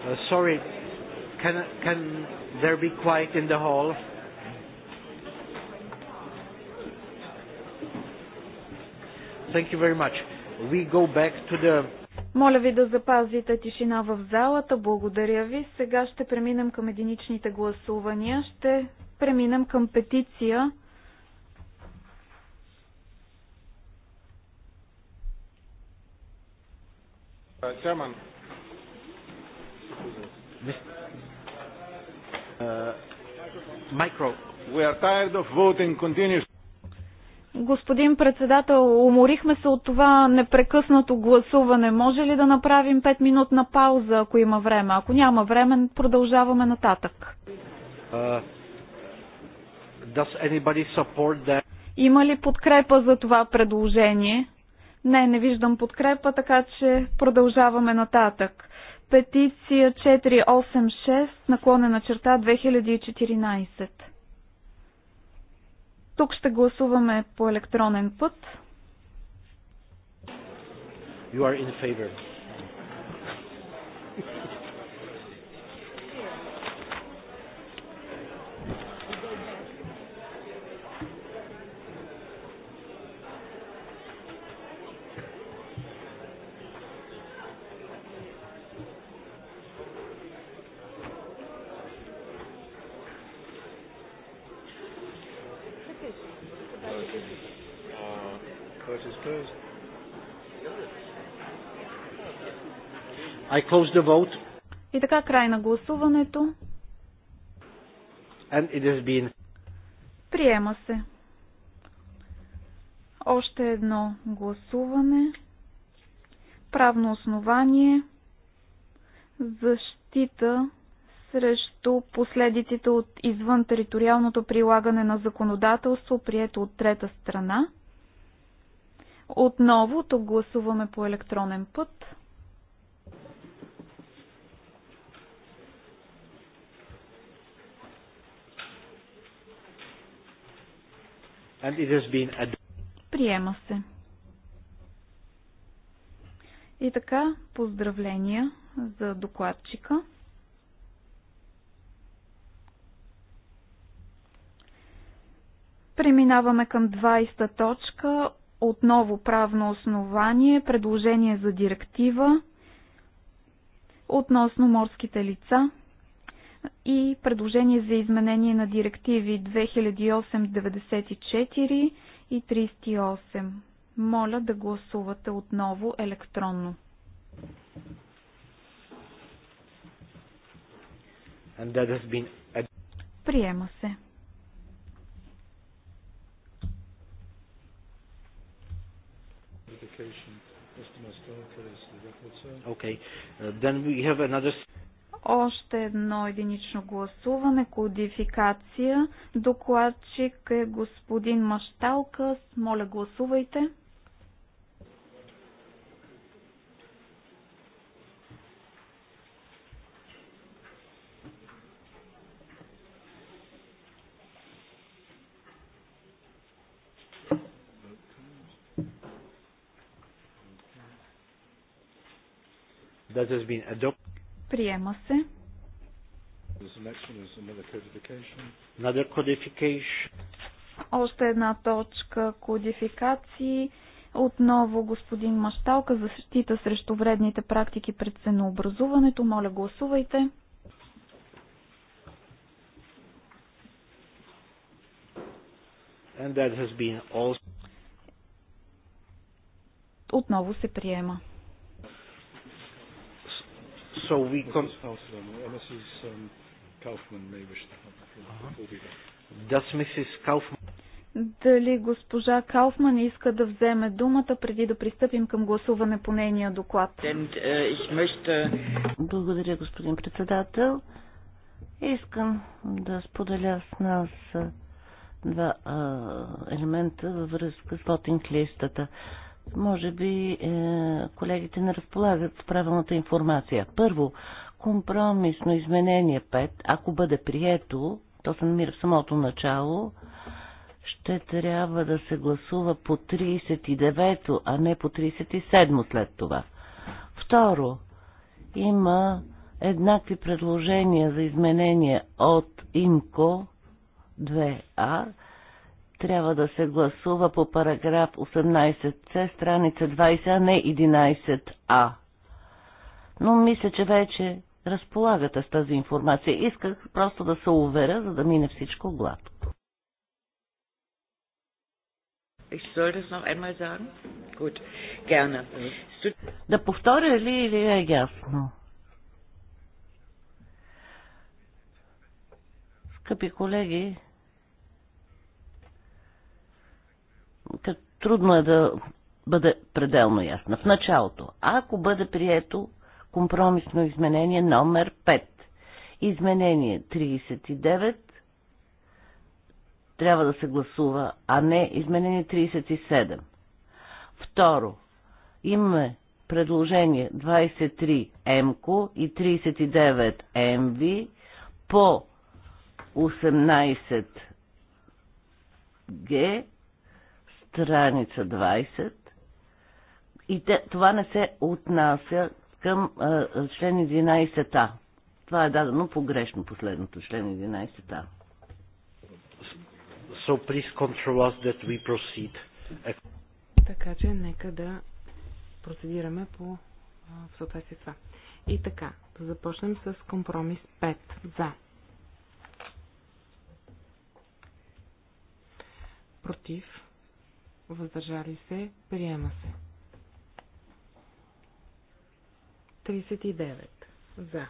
Uh, sorry, can can there be quiet in the hall? Thank you very much. We go back to the моля ви да запазите тишина в залата. Благодаря ви. Сега ще преминем към единичните гласувания. Ще преминем към петиция. Chairman. Uh, We are tired of voting continuously. Господин председател, уморихме се от това непрекъснато гласуване. Може ли да направим 5-минутна пауза, ако има време? Ако няма време, продължаваме нататък. Uh, има ли подкрепа за това предложение? Не, не виждам подкрепа, така че продължаваме нататък. Петиция 486, наклонена черта 2014. Тук ще гласуваме по електронен път. You are in favor. I close the vote. И така край на гласуването. And it has been. Приема се. Още едно гласуване. Правно основание. Защита срещу последиците от извън териториалното прилагане на законодателство, прието от трета страна. Отново тук гласуваме по електронен път. Приема се. И така, поздравления за докладчика. Преминаваме към 20-та точка. Отново правно основание, предложение за директива относно морските лица и предложение за изменение на директиви 2008-94 и 38. Моля да гласувате отново електронно. Been... Приема се. Okay. Uh, then we have another още едно единично гласуване, кодификация. Докладчик е господин Машталка. Моля, гласувайте. That has been adopted Приема се. Още една точка кодификации. Отново господин Машталка защита срещу вредните практики пред ценообразуването. Моля гласувайте. And that has been also... Отново се приема so we... Con- Дали госпожа Кауфман иска да вземе думата преди да пристъпим към гласуване по нейния доклад? Uh, Благодаря, господин председател. Искам да споделя с нас два а, елемента във връзка с фотинг листата. Може би е, колегите не разполагат с правилната информация. Първо, компромисно изменение 5, ако бъде прието, то се намира в самото начало, ще трябва да се гласува по 39-то, а не по 37-то след това. Второ, има еднакви предложения за изменения от ИМКО 2А трябва да се гласува по параграф 18c, страница 20, а не 11а. Но мисля, че вече разполагате с тази информация. Исках просто да се уверя, за да мине всичко гладко. Ich soll das noch einmal sagen? Gut, gerne. Да повторя ли или е ясно? Скъпи колеги, трудно е да бъде пределно ясна. В началото, ако бъде прието компромисно изменение номер 5, изменение 39 трябва да се гласува, а не изменение 37. Второ, имаме предложение 23 МКО и 39 МВ по 18 Г страница 20. И те, това не се отнася към а, член 11а. Това е дадено погрешно последното, член 11а. So please control us that we proceed. Така че нека да процедираме по в съответствие това. И така, да започнем с компромис 5 за. Против въздържали се, приема се. 39. За.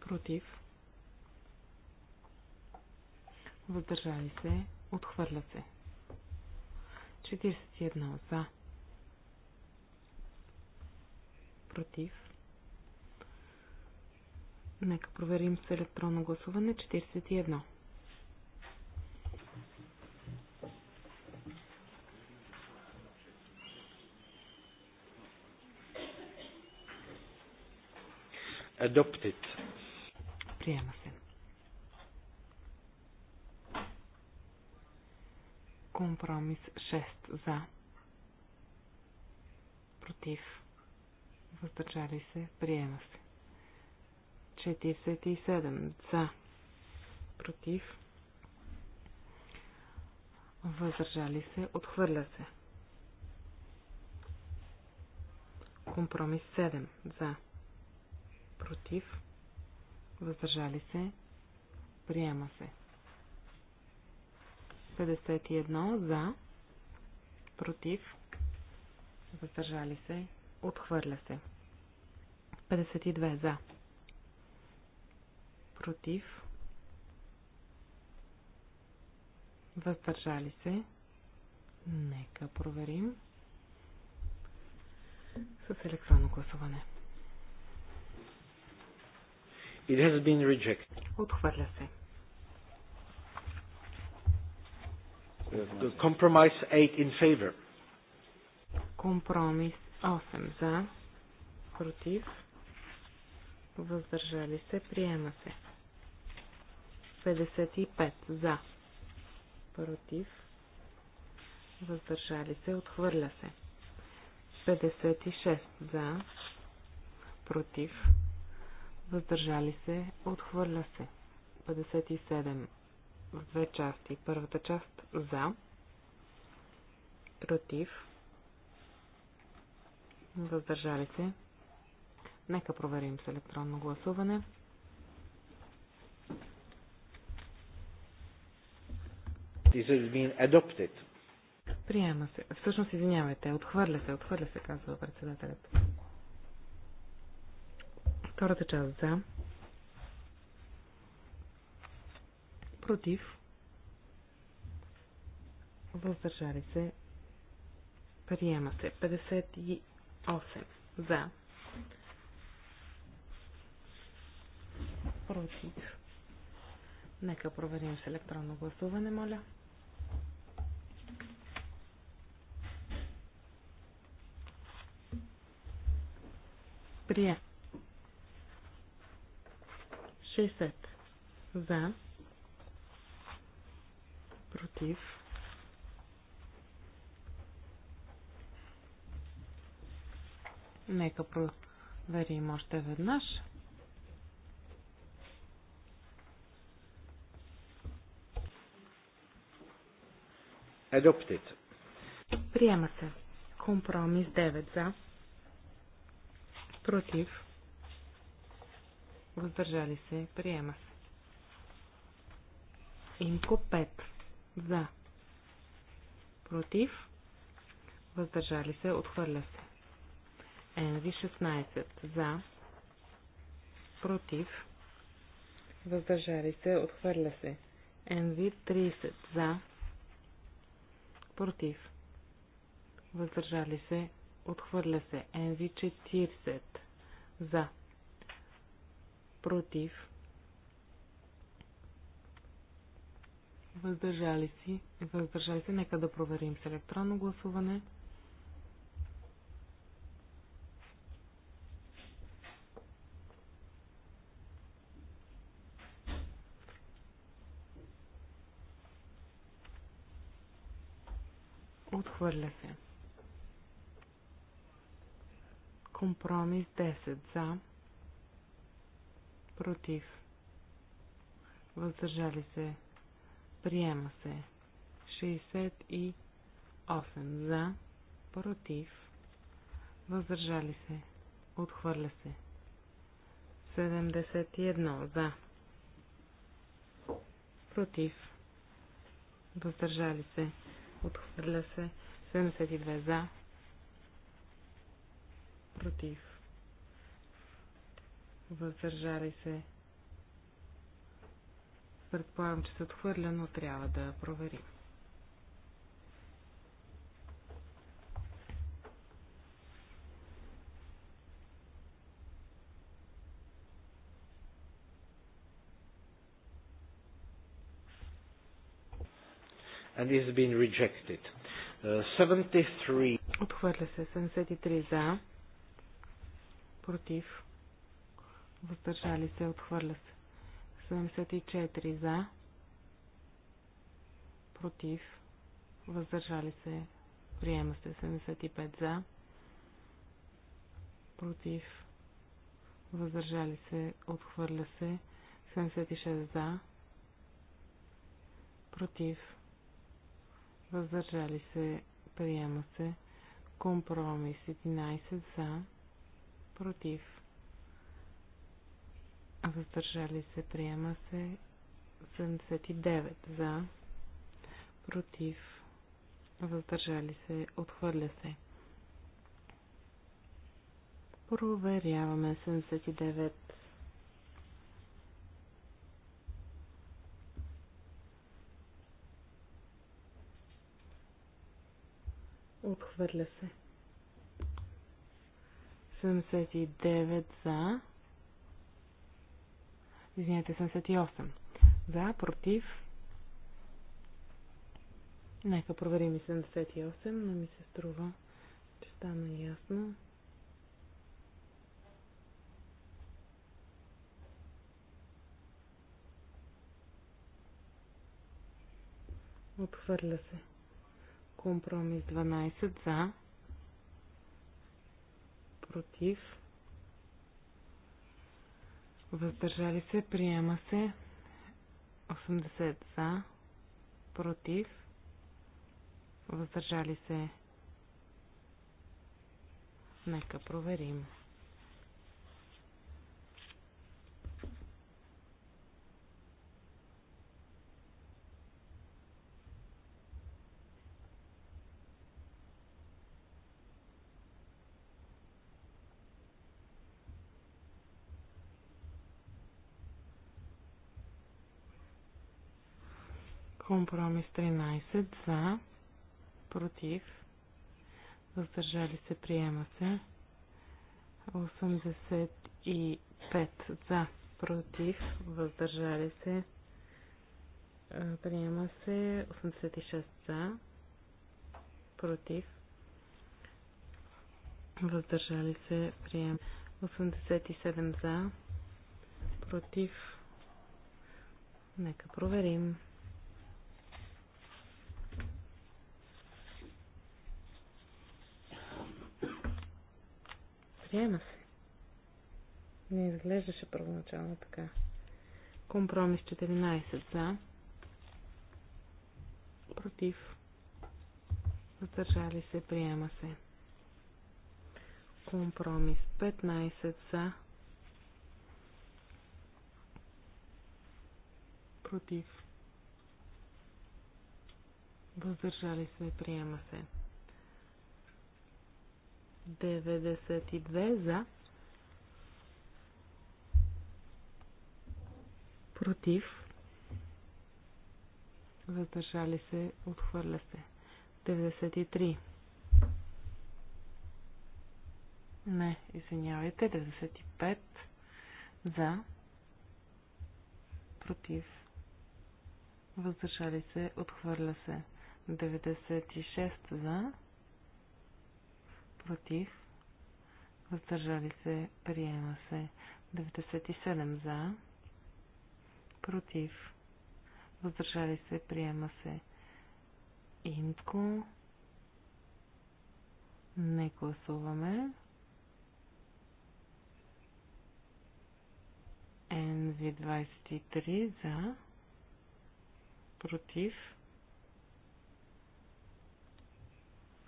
Против. Въздържали се, отхвърля се. 41. За. Против. Нека проверим с електронно гласуване 41. Adopted. Приема се. Компромис 6 за. Против. Въздържали се. Приема се. 47 за. Против. Въздържали се. Отхвърля се. Компромис 7 за против, въздържали се, приема се. 51 за, против, въздържали се, отхвърля се. 52 за, против, въздържали се. Нека проверим с електронно гласуване. 52. It has been rejected. Отхвърля се. The compromise 8 in favor. Компромис 8 за, против, въздържали се, приема се. 55 за, против, въздържали се, отхвърля се. 56 за, против, въздържали се, отхвърля се. 57. В две части. Първата част за, против, въздържали се. Нека проверим с електронно гласуване. This has been adopted. Приема се. Всъщност, извинявайте, отхвърля се, отхвърля се, казва председателят. Втората част за. Против. Въздържали се. Приема се. 58 за. Против. Нека проверим с електронно гласуване, моля. Прие. 60 за, против, Нека проверим още веднъж. Adopted. Приема се. Компромис 9 за. Против. 6 въздържали се, приема се. Инко 5 за, против, въздържали се, отхвърля се. Енви 16 за, против, въздържали се, отхвърля се. Енви 30 за, против, въздържали се, отхвърля се. Енви 40 за, против, въздържали си, въздържали се, нека да проверим с електронно гласуване. Отхвърля се. Компромис 10 за против, въздържали се, приема се. 68 за, против, въздържали се, отхвърля се. 71 за, против, въздържали се, отхвърля се. 72 за, против, въздържали се. Предполагам, че се отхвърля, но трябва да проверим. and has been rejected. Uh, 73. Отхвърля се 73 за, против въздържали се, отхвърля се. 74 за, против, въздържали се, приема се. 75 за, против, въздържали се, отхвърля се. 76 за, против, въздържали се, приема се. Компромис 11 за, против, въздържали се, приема се 79 за, против, въздържали се, отхвърля се. Проверяваме 79. Отхвърля се. 79 за, Извинете, 78. За, против. Нека проверим и 78, но ми се струва, че стана ясно. Отхвърля се. Компромис 12 за. Против въздържали се, приема се 80 за, против, въздържали се. Нека проверим. Компромис 13 за, против, въздържали се, приема се. 85 за, против, въздържали се, приема се. 86 за, против, въздържали се, приема. 87 за, против, нека проверим. Приема се. Не изглеждаше първоначално така. Компромис 14 за. Против. Задържали се. Приема се. Компромис 15 за. Против. Въздържали се. Приема се. 92 за, против, въздържали се, отхвърля се. 93. Не, извинявайте, 95 за, против, въздържали се, отхвърля се. 96 за, против, въздържали се, приема се. 97 за, против, въздържали се, приема се. Инко. не гласуваме. NV23 за, против,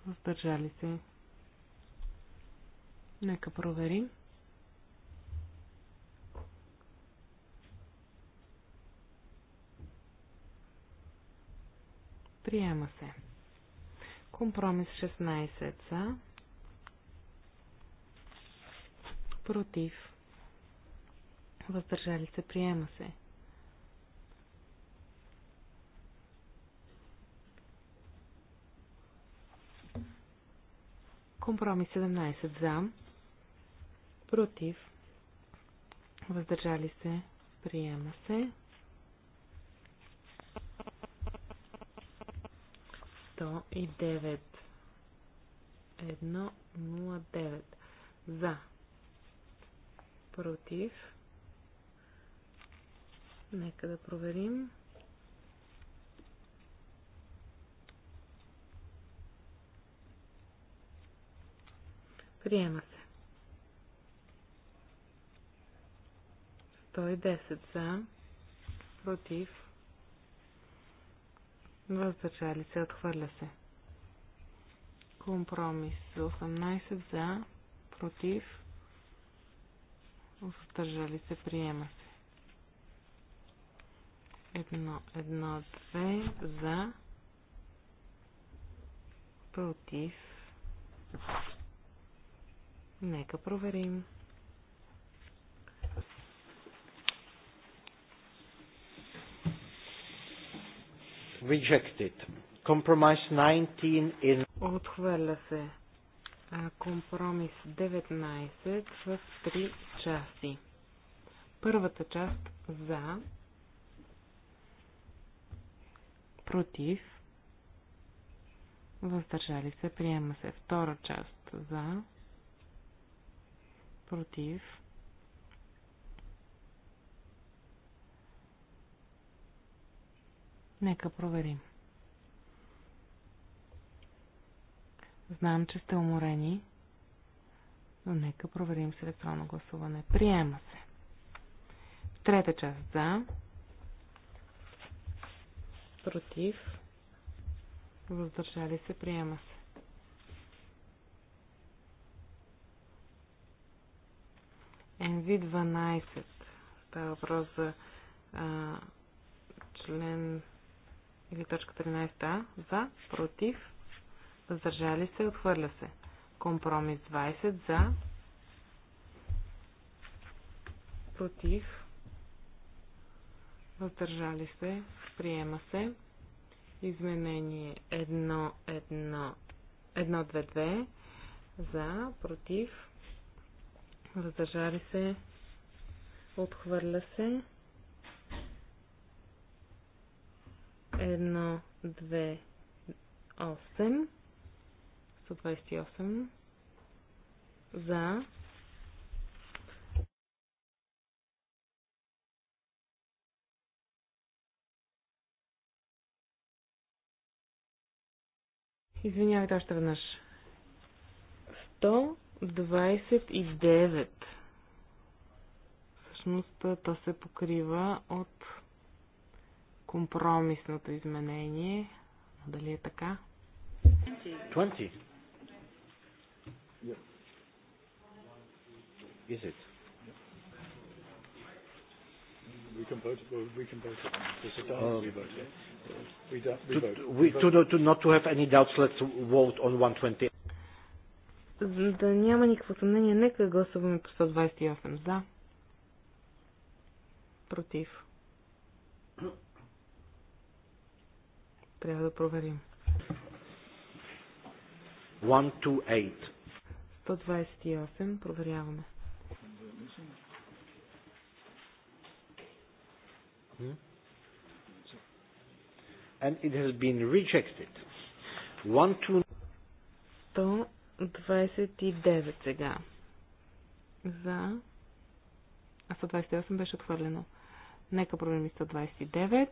въздържали се, Нека проверим. Приема се. Компромис 16 са. Против. Въздържали се. Приема се. Компромис 17 за против, въздържали се, приема се. 109 109 за против нека да проверим приема се 110 за, против, въздържали се, отхвърля се. Компромис 18 за, против, въздържали се, приема се. Едно, едно, две, за, против. Нека проверим. Rejected. Compromise 19 in... Отхвърля се. Компромис 19 в три части. Първата част за, против, въздържали се, приема се. Втора част за, против, Нека проверим. Знам, че сте уморени, но нека проверим с електронно гласуване. Приема се. Трета част за. Против. Въздържали се. Приема се. NV12. Става въпрос за а, член или точка 13а за, против, въздържали се, отхвърля се. Компромис 20 за, против, въздържали се, приема се. Изменение 1-2-2 за, против, въздържали се, отхвърля се. Едно, две, 8, 128 за Извинявайте още веднъж. 129. Всъщност то се покрива от компромисното изменение. Дали е така? 20. Is it? We can vote. We can vote. Um, we vote. We, we vote. To, to, to not to have any doubts, let's vote on 120. да няма никакво съмнение, нека гласуваме по 128 за. Против. Трябва да проверим. 128. 128. Проверяваме. And it has been rejected. 129 сега. За. А 128 беше отхвърлено. Нека проверим 129.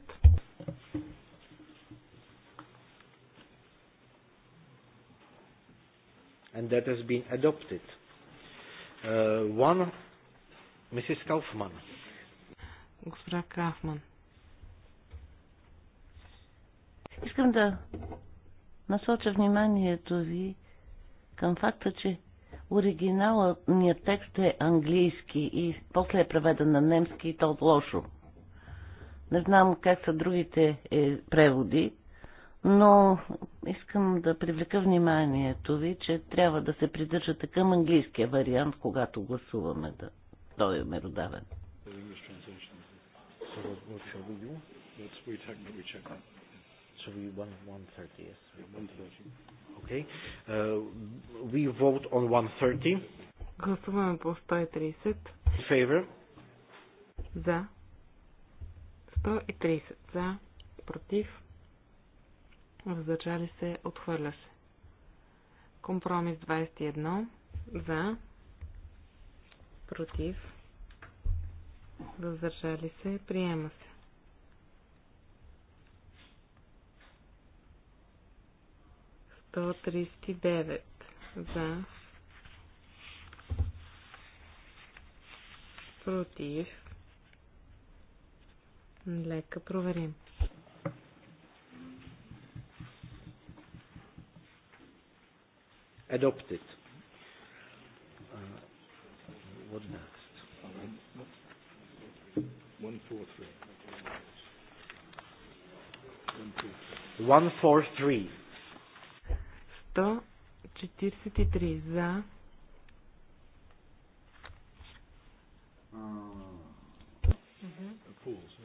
and that has been adopted. Uh, one, Mrs. Kaufman. Госпожа Кафман. Искам да насоча вниманието ви към факта, че оригиналният текст е английски и после е преведен на немски и то лошо. Не знам как са другите е, преводи, но искам да привлека вниманието ви, че трябва да се придържате към английския вариант, когато гласуваме да той е меродавен. So we won 130, yes. Okay. Uh, we vote on 130. Гласуваме по 130. Favor. За. 130. За. Против въздържали се, отхвърля се. Компромис 21 за, против, въздържали се, приема се. Сто за, против, лека проверим. 139 adopted. Uh, what next? One, four, three. One, four, three. три за. Uh, mm-hmm.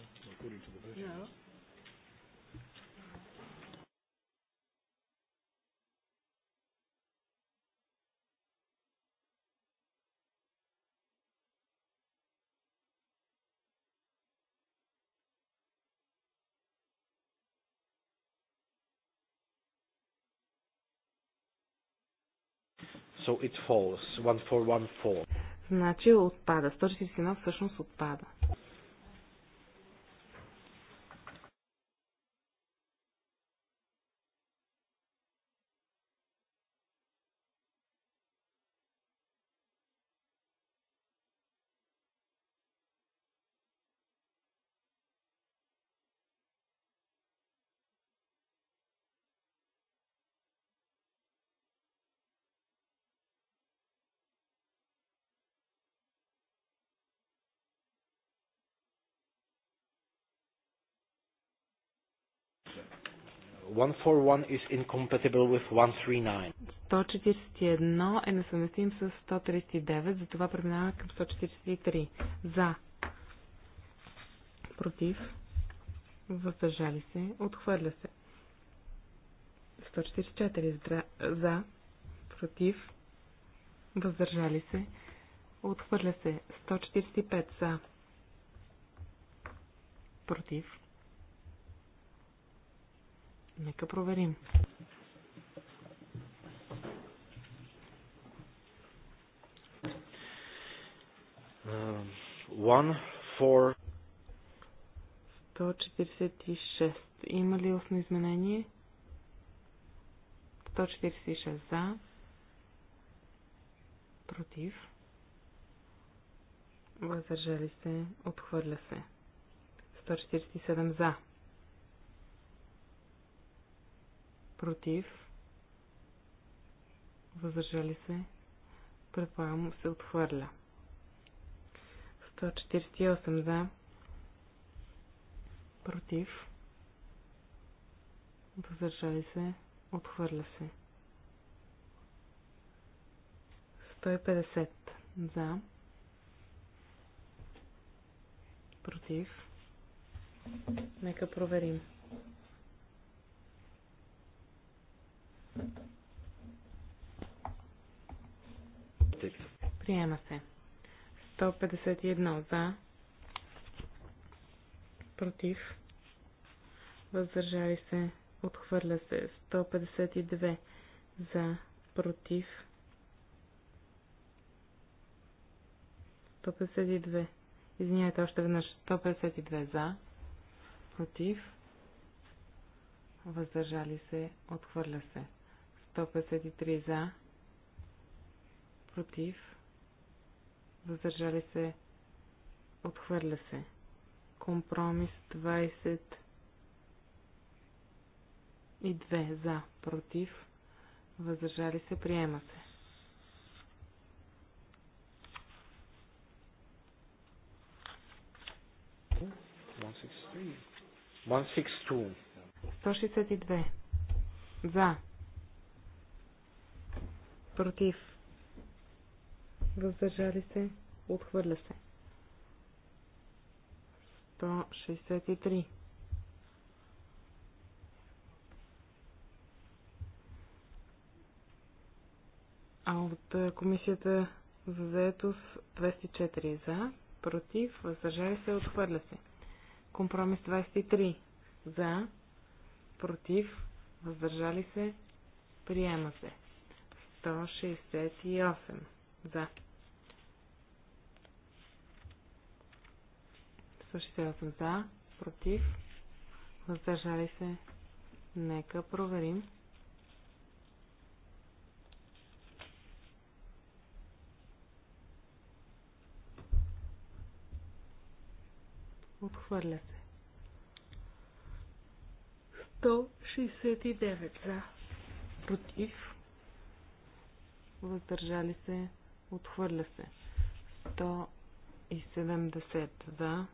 So it falls. 1414. Значи отпада. 141 всъщност отпада. 141 is incompatible with 139. 141 е несъвместим с 139, затова преминаваме към 143. За. Против. Въздържали се. Отхвърля се. 144. За. Против. Въздържали се. Отхвърля се. 145. За. Против Нека проверим. Uh, one, 146. Има ли осно изменение? 146 за. Против. Въздържали се. Отхвърля се. 147 за против, въздържали се, предполагам се отхвърля. 148 за, против, въздържали се, отхвърля се. 150 за, против. Нека проверим. Приема се. 151 за. Против. Въздържали се. Отхвърля се. 152 за. Против. 152. Извинявайте още веднъж. 152 за. Против. Въздържали се. Отхвърля се. 153 за, против, въздържали се, отхвърля се. Компромис 20 и 2 за, против, въздържали се, приема се. One six two. 162. За против, въздържали се, отхвърля се. 163 А от комисията за заетост 204 за, против, въздържали се, отхвърля се. Компромис 23 за, против, въздържали се, приема се. 168 за. 168 за, против, въздържали се. Нека проверим. Отхвърля се. 169 за, против, въздържали се, отхвърля се. 170 за,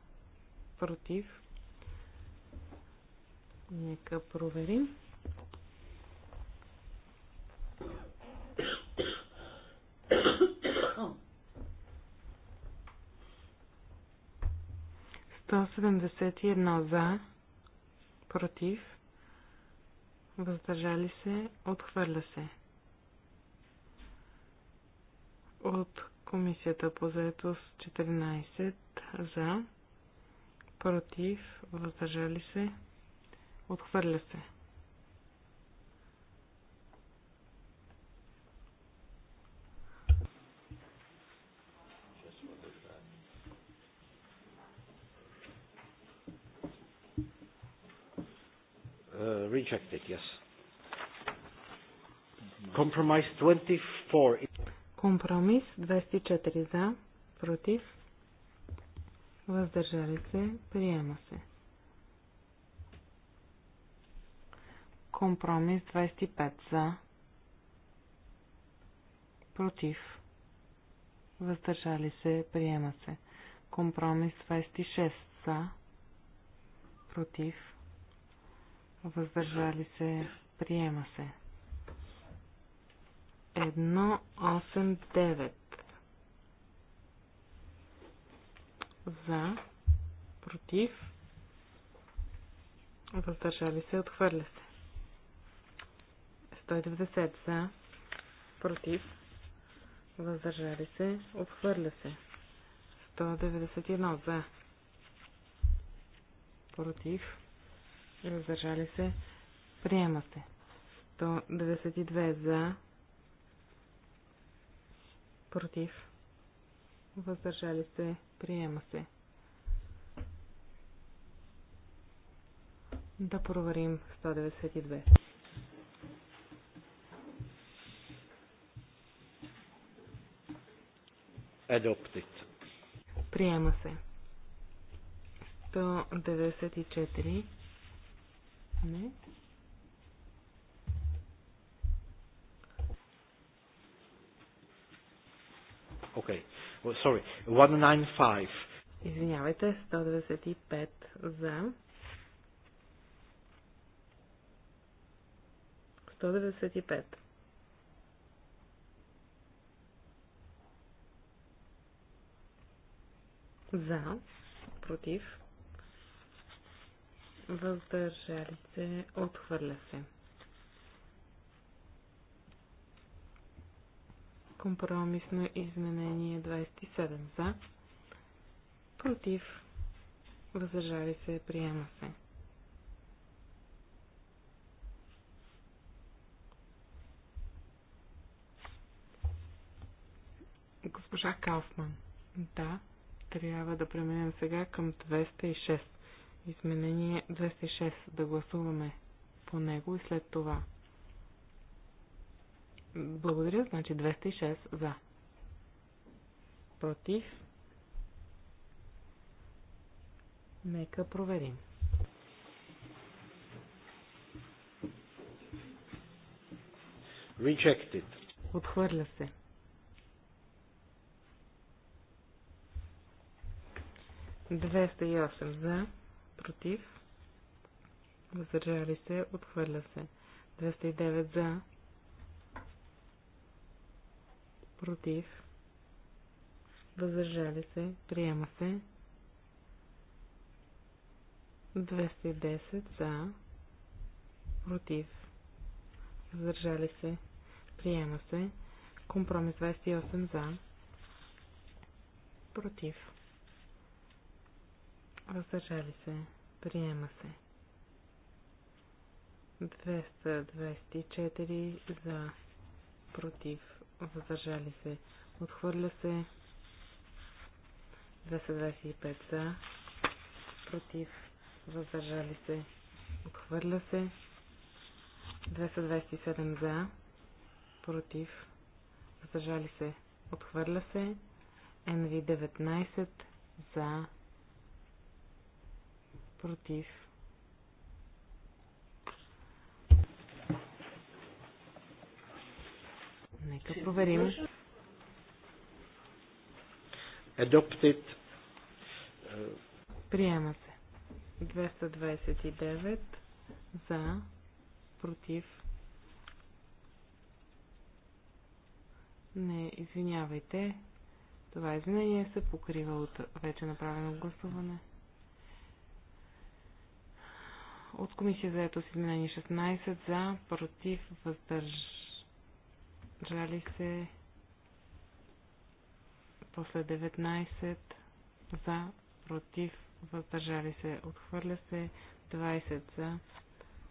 против. Нека проверим. Сто едно за, против, въздържали се, отхвърля се от Комисията по заетост 14 за, против, въздържали се, отхвърля се. Uh, rejected, yes. Compromise 24. Компромис 24 за, против, въздържали се, приема се. Компромис 25 за, против, въздържали се, приема се. Компромис 26 за, против, въздържали се, приема се. 189. За. Против. Въздържали се. Отхвърля се. 190. За. Против. Въздържали се. Отхвърля се. 191. За. Против. Въздържали се. Приема се. 192. За против, въздържали се, приема се. Да проверим 192. Adopted. Приема се. 194. Не. Okay. Well, sorry. 195. Извинявайте, 195 за. 195. За. Против. Въздържали се. Отхвърля се. Компромисно изменение 27 за. Против. Въздържали се. Приема се. Госпожа Кауфман. Да, трябва да преминем сега към 206. Изменение 206. Да гласуваме по него и след това благодаря, значи 206 за. Против. Нека проверим. Rejected. Отхвърля се. Двеста и осем за, против, въздържали се, отхвърля се. 209 за, против, въздържали се, приема се. 210 за, против, въздържали се, приема се. Компромис 28 за, против, въздържали се, приема се. 224 за, против, въздържали се, отхвърля се 225 за, против, въздържали се, отхвърля се 227 за, против, въздържали се, отхвърля се NV19 за, против, Нека проверим. Adopted. Приема се. 229 за, против. Не, извинявайте. Това извинение се покрива от вече направено гласуване. От комисия за ето с изменение 16 за, против, въздържа въздържали се, после 19 за, против, въздържали се, отхвърля се, 20 за,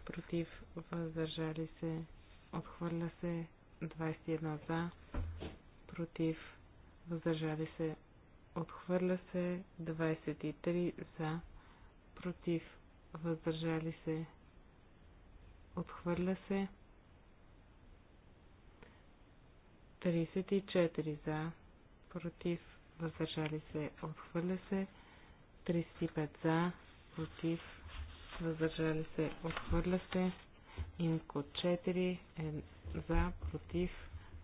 против, въздържали се, отхвърля се, 21 за, против, въздържали се, отхвърля се, 23 за, против, въздържали се, отхвърля се, 34 за, против, въздържали се, отхвърля се. 35 за, против, въздържали се, отхвърля се. Инко 4 е за, против,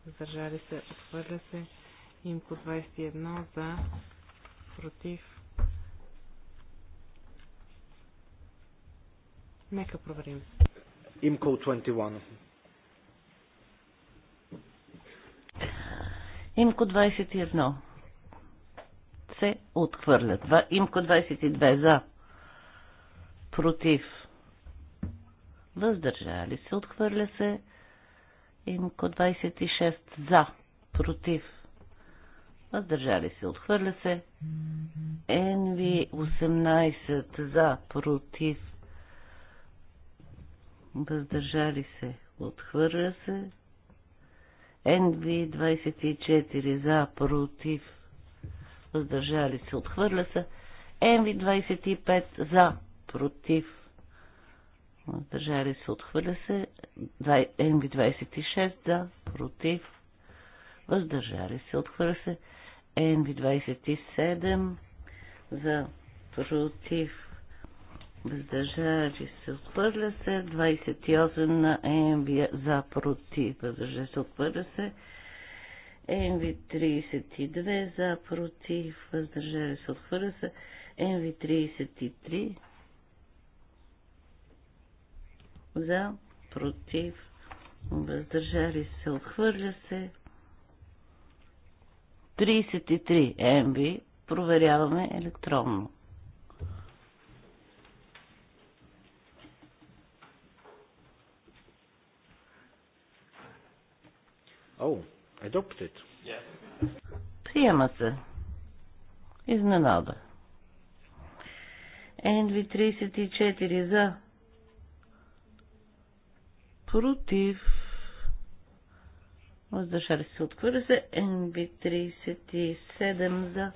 въздържали се, отхвърля се. Инко 21 за, против. Нека проверим. Имко 21. Имко 21 се отхвърля. Имко 22 за. Против. Въздържали се. Отхвърля се. Имко 26 за. Против. Въздържали се. Отхвърля се. НВ 18 за. Против. Въздържали се. Отхвърля се. NV24 за, против, въздържали се, отхвърля се. NV25 за, против, въздържали се, отхвърля се. NV26 за, против, въздържали се, отхвърля се. NV27 за, против, въздържали се, отхвърля се, 28 на ЕМВ за против, въздържали се, отхвърля се, ЕМВ 32 за против, въздържали се, отхвърля се, ЕМВ 33 за против, въздържали се, отхвърля се, 33 МВ проверяваме електронно. Oh, adopted. Yeah. Приема се. Изненада. Енви 34 за. Против. Въздържали се. Отхвърля се. Енви 37 за.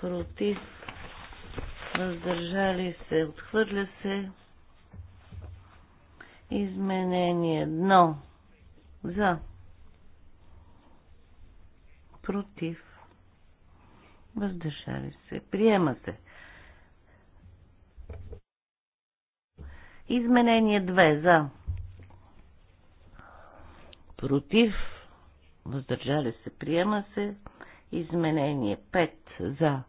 Против. Въздържали се. Отхвърля се. Изменение 1. За против, въздържали се, приема се. Изменение 2 за против, въздържали се, приема се. Изменение 5 за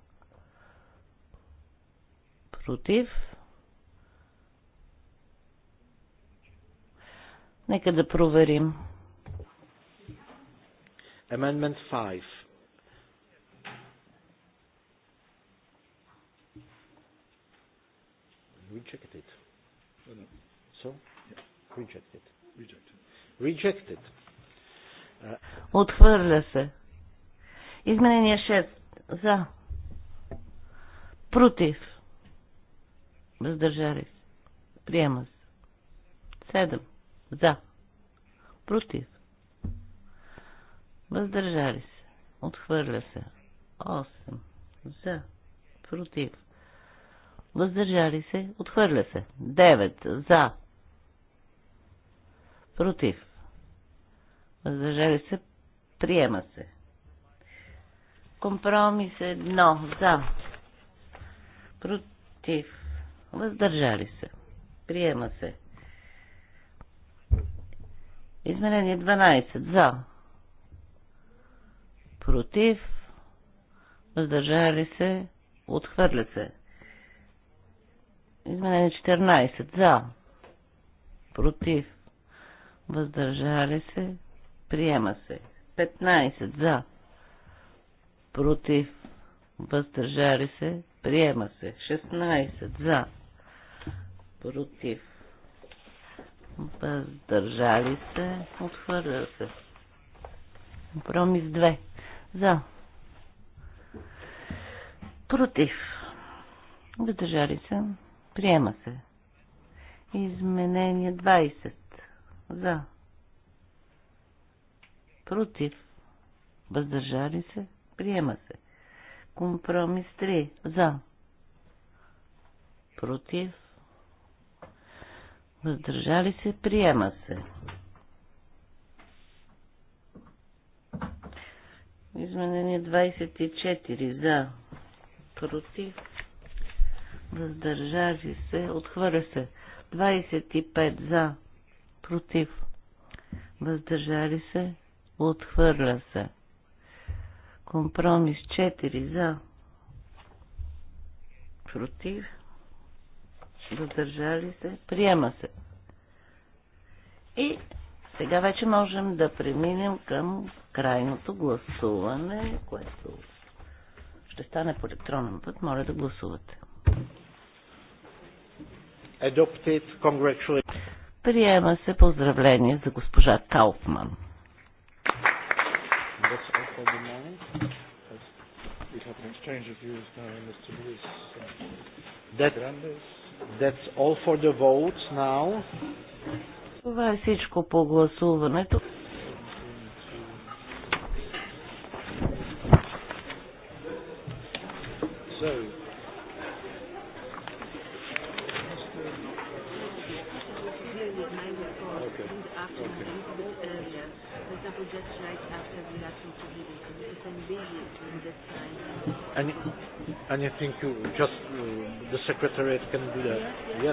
против. Нека да проверим. Amendment 5. Rejected. So? Rejected. Rejected. Rejected. Uh, Отхвърля се. Изменение 6. За. Против. Въздържали се. Приема се. 7. За. Против. Въздържали се. Отхвърля се. 8. За. Против. Въздържали се. Отхвърля се. 9. За. Против. Въздържали се. Приема се. Компромис едно. За. Против. Въздържали се. Приема се. Изменение 12. За против, въздържали се, отхвърля се. Изменение 14 за, против, въздържали се, приема се. 15 за, против, въздържали се, приема се. 16 за, против, въздържали се, отхвърля се. Промис 2. За. Против. Въздържали се. Приема се. Изменение 20. За. Против. Въздържали се. Приема се. Компромис 3. За. Против. Въздържали се. Приема се. Изменение 24 за. Против. Въздържали се. Отхвърля се. 25 за. Против. Въздържали се. Отхвърля се. Компромис 4 за. Против. Въздържали се. Приема се. И сега вече можем да преминем към крайното гласуване, което ще стане по електронен път. Моля да гласувате. Приема се поздравление за госпожа Кауфман. that's all for the votes now. Това е всичко по гласуването. And, and you think you just uh, the secretariat can do that? Yes. yes.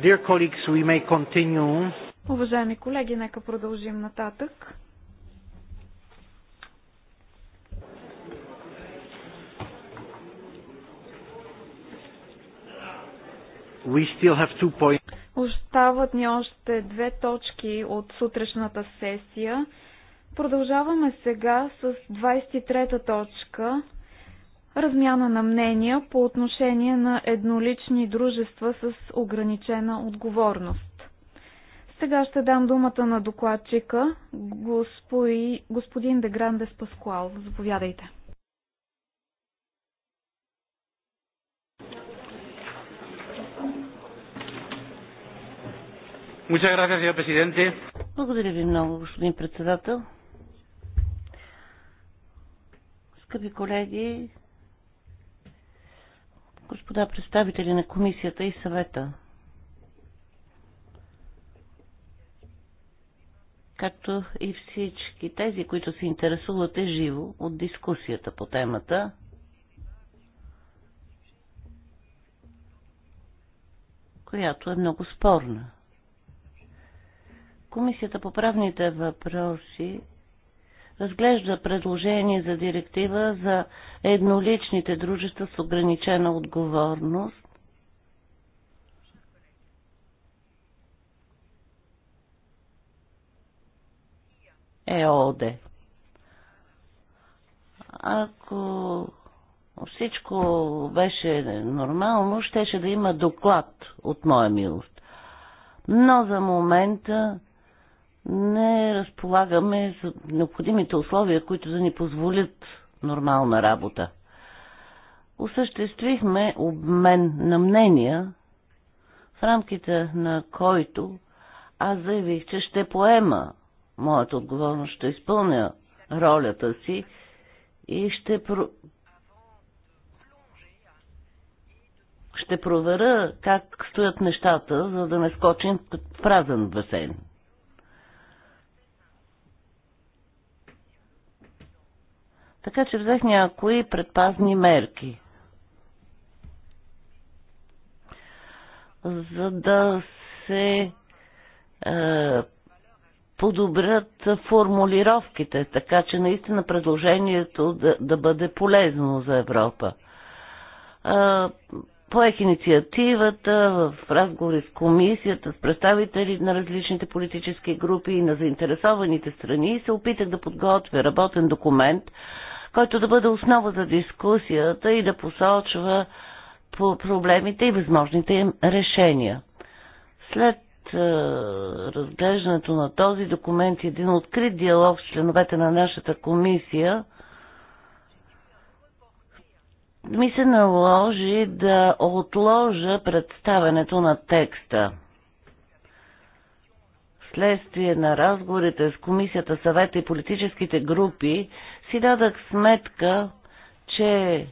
Dear colleagues, we may continue. Уважаеми колеги, нека продължим нататък. We still have two points. Остават ни още две точки от сутрешната сесия. Продължаваме сега с 23-та точка размяна на мнения по отношение на еднолични дружества с ограничена отговорност. Сега ще дам думата на докладчика, господи, господин Деграндес Паскуал. Заповядайте. Благодаря ви много, господин председател. Скъпи колеги, Господа представители на комисията и съвета, както и всички тези, които се интересуват е живо от дискусията по темата, която е много спорна. Комисията по правните въпроси разглежда предложение за директива за едноличните дружества с ограничена отговорност. ЕОД. Ако всичко беше нормално, щеше да има доклад от моя милост. Но за момента не разполагаме с необходимите условия, които да ни позволят нормална работа. Осъществихме обмен на мнения, в рамките на който аз заявих, че ще поема моята отговорност, ще изпълня ролята си и ще, про... ще проверя как стоят нещата, за да не скочим в празен басейн. Така че взех някои предпазни мерки. За да се е, подобрят формулировките, така че наистина предложението да, да бъде полезно за Европа. Е, поех инициативата в разговори с комисията, с представители на различните политически групи и на заинтересованите страни и се опитах да подготвя работен документ, който да бъде основа за дискусията и да посочва по проблемите и възможните им решения. След е, разглеждането на този документ и един открит диалог с членовете на нашата комисия, ми се наложи да отложа представенето на текста. следствие на разговорите с комисията, съвета и политическите групи, си дадах сметка, че е,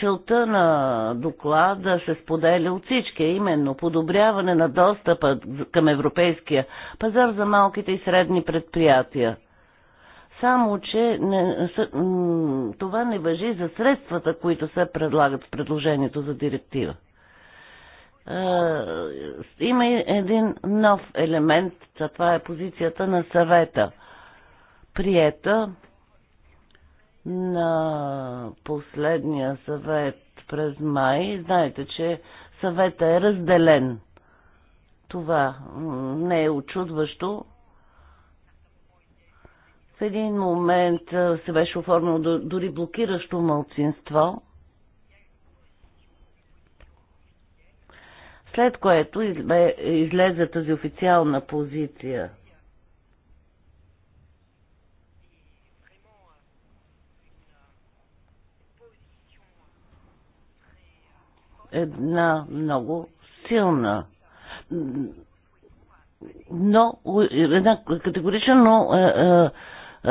целта на доклада се споделя от всички, именно подобряване на достъпа към европейския пазар за малките и средни предприятия. Само, че не, това не въжи за средствата, които се предлагат в предложението за директива. Е, има един нов елемент, това е позицията на съвета – приета на последния съвет през май. Знаете, че съветът е разделен. Това не е очудващо. В един момент се беше оформило дори блокиращо мълцинство, след което излезе тази официална позиция – една много силна но една категорична, но е, е,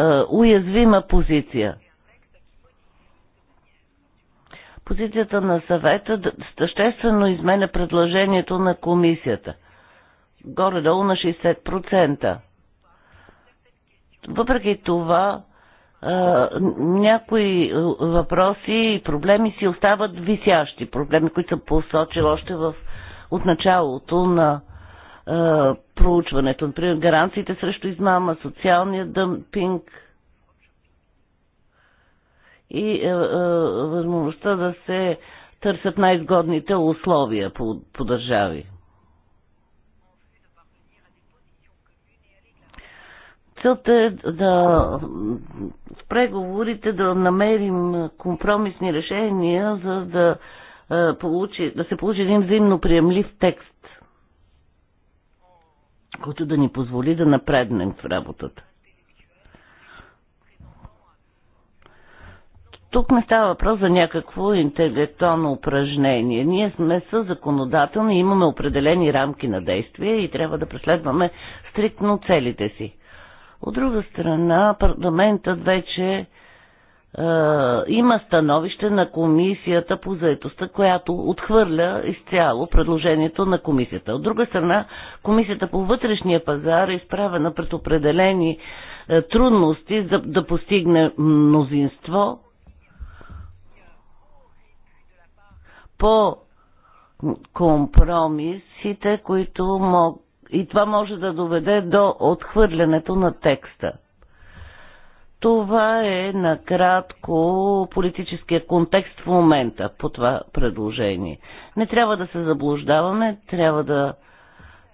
е, уязвима позиция. Позицията на съвета съществено изменя предложението на комисията. Горе-долу на 60%. Въпреки това, някои въпроси и проблеми си остават висящи. Проблеми, които съм посочил още в, от началото на а, проучването. Например, гаранциите срещу измама, социалния дъмпинг и а, а, възможността да се търсят най-изгодните условия по, по държави. Целта е да в преговорите да намерим компромисни решения, за да, е, получи, да се получи един взаимно приемлив текст, който да ни позволи да напреднем в работата. тук не става въпрос за някакво интелектуално упражнение. Ние сме със законодателни, имаме определени рамки на действие и трябва да преследваме стриктно целите си. От друга страна, парламентът вече е, има становище на комисията по заедостта, която отхвърля изцяло предложението на комисията. От друга страна, комисията по вътрешния пазар е изправена пред определени е, трудности за да постигне мнозинство по компромисите, които мог, и това може да доведе до отхвърлянето на текста. Това е накратко политическия контекст в момента по това предложение. Не трябва да се заблуждаваме, трябва да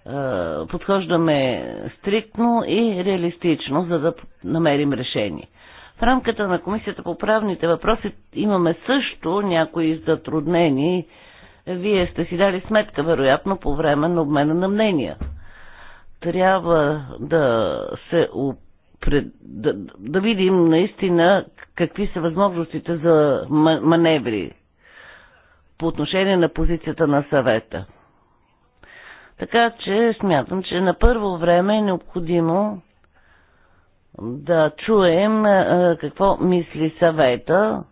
е, подхождаме стриктно и реалистично, за да намерим решение. В рамката на Комисията по правните въпроси имаме също някои затруднени. Вие сте си дали сметка, вероятно, по време на обмена на мнения трябва да се да, да видим наистина какви са възможностите за маневри по отношение на позицията на съвета. Така че смятам, че на първо време е необходимо да чуем какво мисли съвета,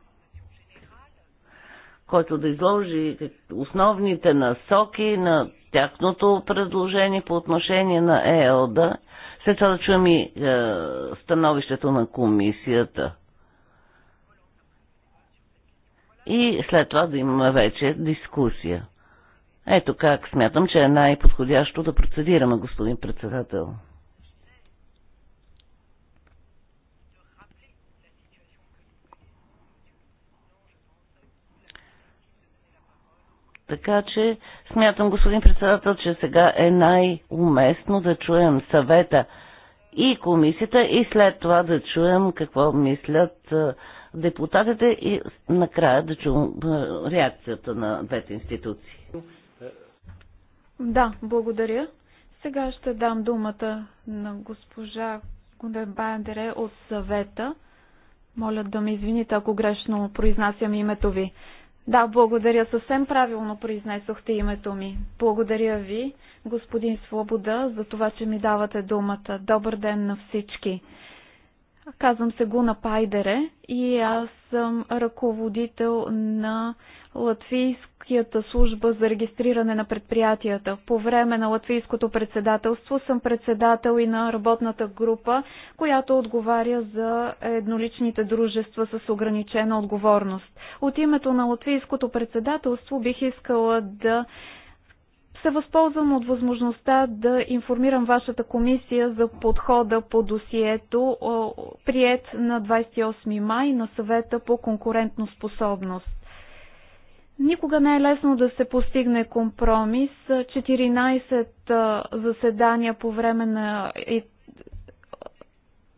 който да изложи основните насоки на тяхното предложение по отношение на ЕОДА. След това да чуем и е, становището на комисията. И след това да имаме вече дискусия. Ето как смятам, че е най-подходящо да процедираме, господин председател. Така че смятам, господин председател, че сега е най-уместно да чуем съвета и комисията и след това да чуем какво мислят е, депутатите и накрая да чуем е, реакцията на двете институции. Да, благодаря. Сега ще дам думата на госпожа Гундербандере от съвета. Моля да ме извините, ако грешно произнасям името ви. Да, благодаря. Съвсем правилно произнесохте името ми. Благодаря ви, господин Свобода, за това, че ми давате думата. Добър ден на всички. Казвам се Гуна Пайдере и аз съм ръководител на Латвийската служба за регистриране на предприятията. По време на латвийското председателство съм председател и на работната група, която отговаря за едноличните дружества с ограничена отговорност. От името на латвийското председателство бих искала да се възползвам от възможността да информирам вашата комисия за подхода по досието, прият на 28 май на съвета по конкурентно способност. Никога не е лесно да се постигне компромис. 14 заседания по време на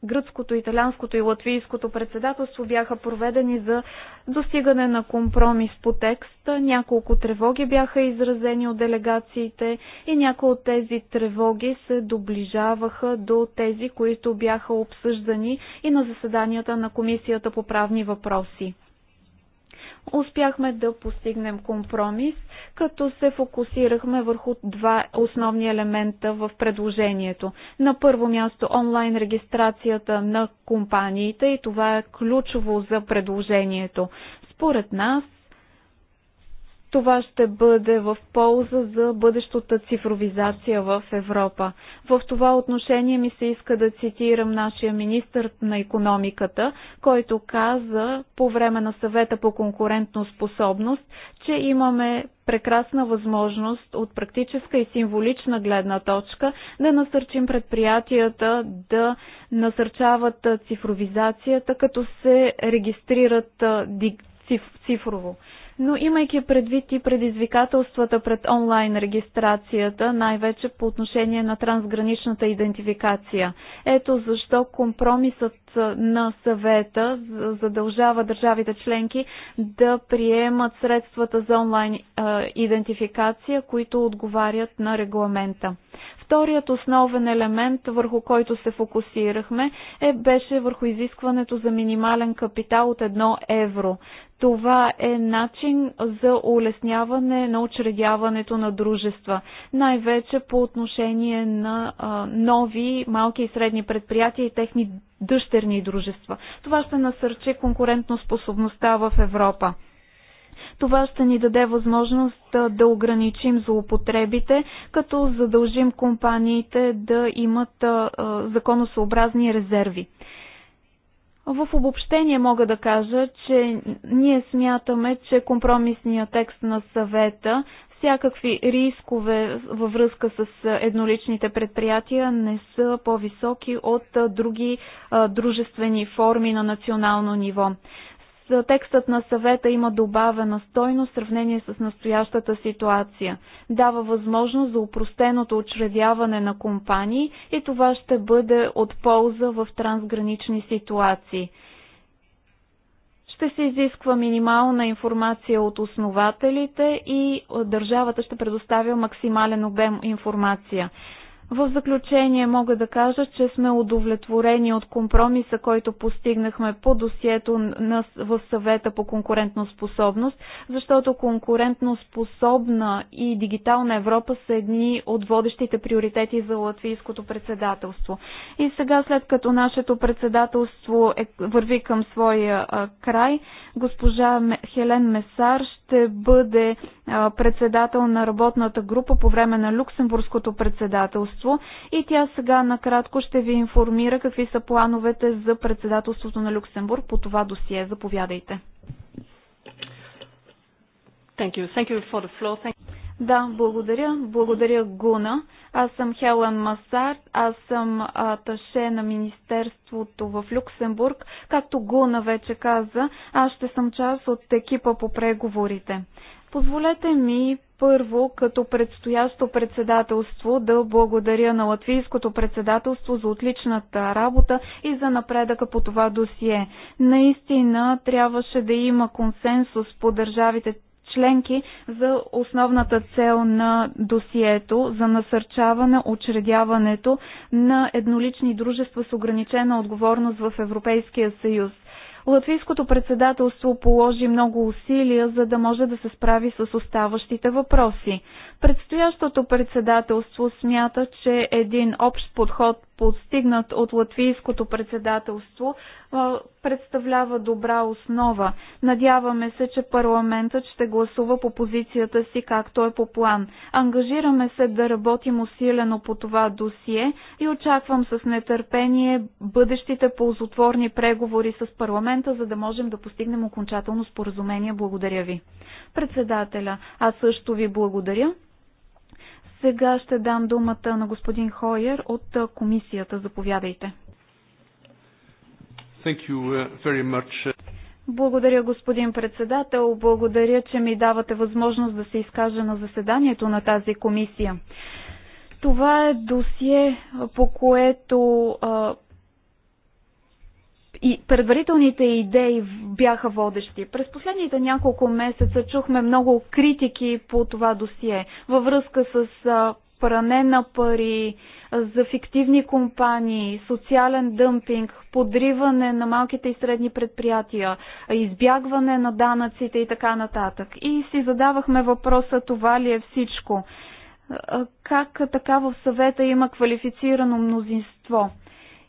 гръцкото, италянското и латвийското председателство бяха проведени за достигане на компромис по текста. Няколко тревоги бяха изразени от делегациите и някои от тези тревоги се доближаваха до тези, които бяха обсъждани и на заседанията на Комисията по правни въпроси успяхме да постигнем компромис, като се фокусирахме върху два основни елемента в предложението. На първо място онлайн регистрацията на компаниите и това е ключово за предложението. Според нас това ще бъде в полза за бъдещата цифровизация в Европа. В това отношение ми се иска да цитирам нашия министр на економиката, който каза по време на съвета по конкурентно способност, че имаме прекрасна възможност от практическа и символична гледна точка да насърчим предприятията да насърчават цифровизацията, като се регистрират цифрово но имайки предвид и предизвикателствата пред онлайн регистрацията, най-вече по отношение на трансграничната идентификация. Ето защо компромисът на съвета задължава държавите членки да приемат средствата за онлайн идентификация, които отговарят на регламента. Вторият основен елемент, върху който се фокусирахме, е, беше върху изискването за минимален капитал от 1 евро. Това е начин за улесняване на учредяването на дружества, най-вече по отношение на а, нови малки и средни предприятия и техни дъщерни дружества. Това ще насърчи конкурентоспособността в Европа. Това ще ни даде възможност да ограничим злоупотребите, като задължим компаниите да имат законосъобразни резерви. В обобщение мога да кажа, че ние смятаме, че компромисният текст на съвета всякакви рискове във връзка с едноличните предприятия не са по-високи от други дружествени форми на национално ниво. Текстът на съвета има добавена стойност в сравнение с настоящата ситуация. Дава възможност за упростеното учредяване на компании и това ще бъде от полза в трансгранични ситуации. Ще се изисква минимална информация от основателите и държавата ще предоставя максимален обем информация. В заключение мога да кажа, че сме удовлетворени от компромиса, който постигнахме по досието на, в съвета по конкурентно способност, защото конкурентно способна и дигитална Европа са едни от водещите приоритети за латвийското председателство. И сега, след като нашето председателство е, върви към своя а, край, госпожа Хелен Месар ще бъде председател на работната група по време на Люксембургското председателство и тя сега накратко ще ви информира какви са плановете за председателството на Люксембург по това досие. Заповядайте. Thank you. Thank you for the floor. Thank you. Да, благодаря. Благодаря, Гуна. Аз съм Хелен Масар. Аз съм аташе на Министерството в Люксембург. Както Гуна вече каза, аз ще съм част от екипа по преговорите. Позволете ми първо, като предстоящо председателство, да благодаря на латвийското председателство за отличната работа и за напредъка по това досие. Наистина трябваше да има консенсус по държавите членки за основната цел на досието за насърчаване учредяването на еднолични дружества с ограничена отговорност в Европейския съюз. Латвийското председателство положи много усилия, за да може да се справи с оставащите въпроси. Предстоящото председателство смята, че един общ подход, постигнат от латвийското председателство, представлява добра основа. Надяваме се, че парламентът ще гласува по позицията си както е по план. Ангажираме се да работим усилено по това досие и очаквам с нетърпение бъдещите ползотворни преговори с парламента, за да можем да постигнем окончателно споразумение. Благодаря ви. Председателя, аз също ви благодаря. Сега ще дам думата на господин Хойер от комисията. Заповядайте. Thank you uh, very much. Благодаря, господин председател. Благодаря, че ми давате възможност да се изкажа на заседанието на тази комисия. Това е досие, по което и предварителните идеи бяха водещи. През последните няколко месеца чухме много критики по това досие във връзка с пране на пари, за фиктивни компании, социален дъмпинг, подриване на малките и средни предприятия, избягване на данъците и така нататък. И си задавахме въпроса това ли е всичко. Как така в съвета има квалифицирано мнозинство?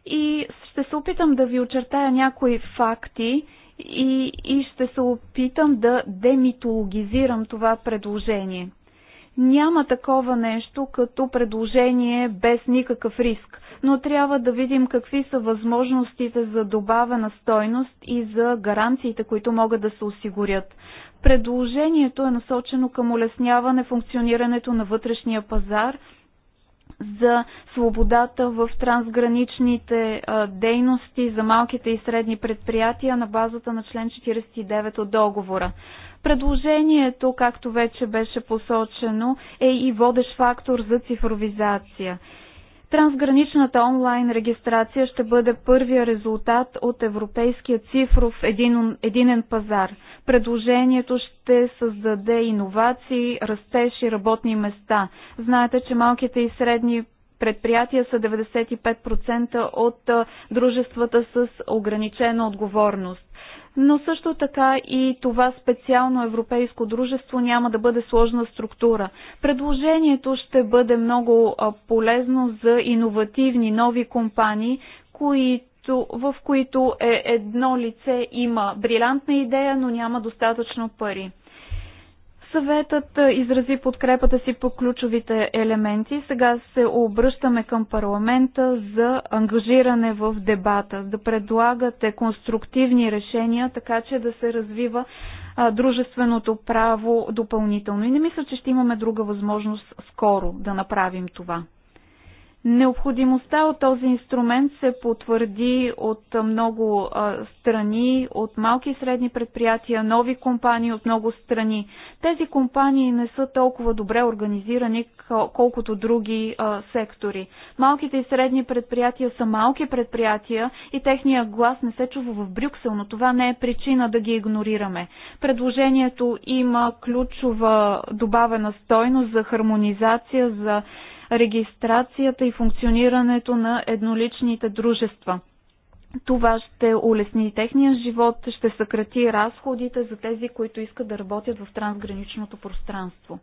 и ще се опитам да ви очертая някои факти и, и ще се опитам да демитологизирам това предложение. Няма такова нещо като предложение без никакъв риск, но трябва да видим какви са възможностите за добавена стойност и за гаранциите, които могат да се осигурят. Предложението е насочено към улесняване функционирането на вътрешния пазар – за свободата в трансграничните дейности за малките и средни предприятия на базата на член 49 от договора. Предложението, както вече беше посочено, е и водещ фактор за цифровизация. Трансграничната онлайн регистрация ще бъде първия резултат от европейския цифров един, единен пазар. Предложението ще създаде иновации, растеж и работни места. Знаете, че малките и средни предприятия са 95% от дружествата с ограничена отговорност. Но също така и това специално европейско дружество няма да бъде сложна структура. Предложението ще бъде много полезно за иновативни нови компании, които които, в които е, едно лице има брилянтна идея, но няма достатъчно пари. Съветът е, изрази подкрепата си по ключовите елементи. Сега се обръщаме към парламента за ангажиране в дебата, да предлагате конструктивни решения, така че да се развива а, дружественото право допълнително. И не мисля, че ще имаме друга възможност скоро да направим това. Необходимостта от този инструмент се потвърди от много страни, от малки и средни предприятия, нови компании от много страни. Тези компании не са толкова добре организирани, колкото други сектори. Малките и средни предприятия са малки предприятия и техния глас не се чува в Брюксел, но това не е причина да ги игнорираме. Предложението има ключова добавена стойност за хармонизация, за регистрацията и функционирането на едноличните дружества. Това ще улесни техния живот, ще съкрати разходите за тези, които искат да работят в трансграничното пространство.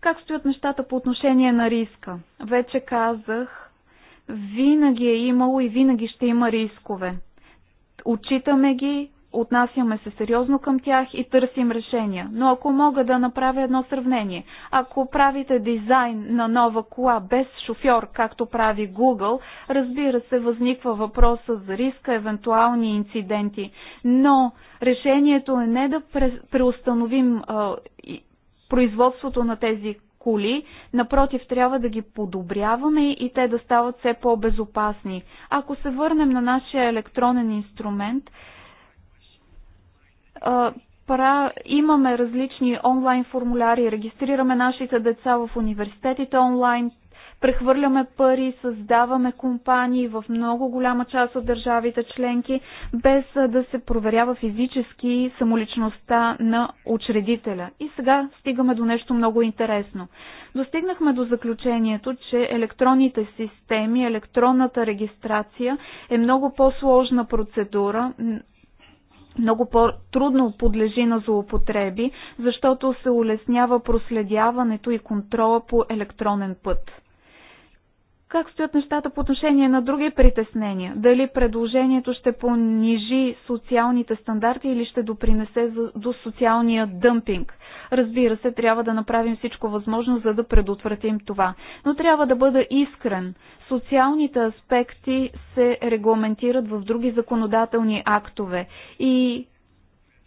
Как стоят нещата по отношение на риска? Вече казах, винаги е имало и винаги ще има рискове. Отчитаме ги, отнасяме се сериозно към тях и търсим решения. Но ако мога да направя едно сравнение, ако правите дизайн на нова кола без шофьор, както прави Google, разбира се, възниква въпроса за риска, евентуални инциденти. Но решението е не да преустановим а, производството на тези коли, напротив, трябва да ги подобряваме и те да стават все по-безопасни. Ако се върнем на нашия електронен инструмент, имаме различни онлайн формуляри, регистрираме нашите деца в университетите онлайн, прехвърляме пари, създаваме компании в много голяма част от държавите членки, без да се проверява физически самоличността на учредителя. И сега стигаме до нещо много интересно. Достигнахме до заключението, че електронните системи, електронната регистрация е много по-сложна процедура, много по-трудно подлежи на злоупотреби, защото се улеснява проследяването и контрола по електронен път. Как стоят нещата по отношение на други притеснения? Дали предложението ще понижи социалните стандарти или ще допринесе до социалния дъмпинг? Разбира се, трябва да направим всичко възможно, за да предотвратим това. Но трябва да бъда искрен. Социалните аспекти се регламентират в други законодателни актове и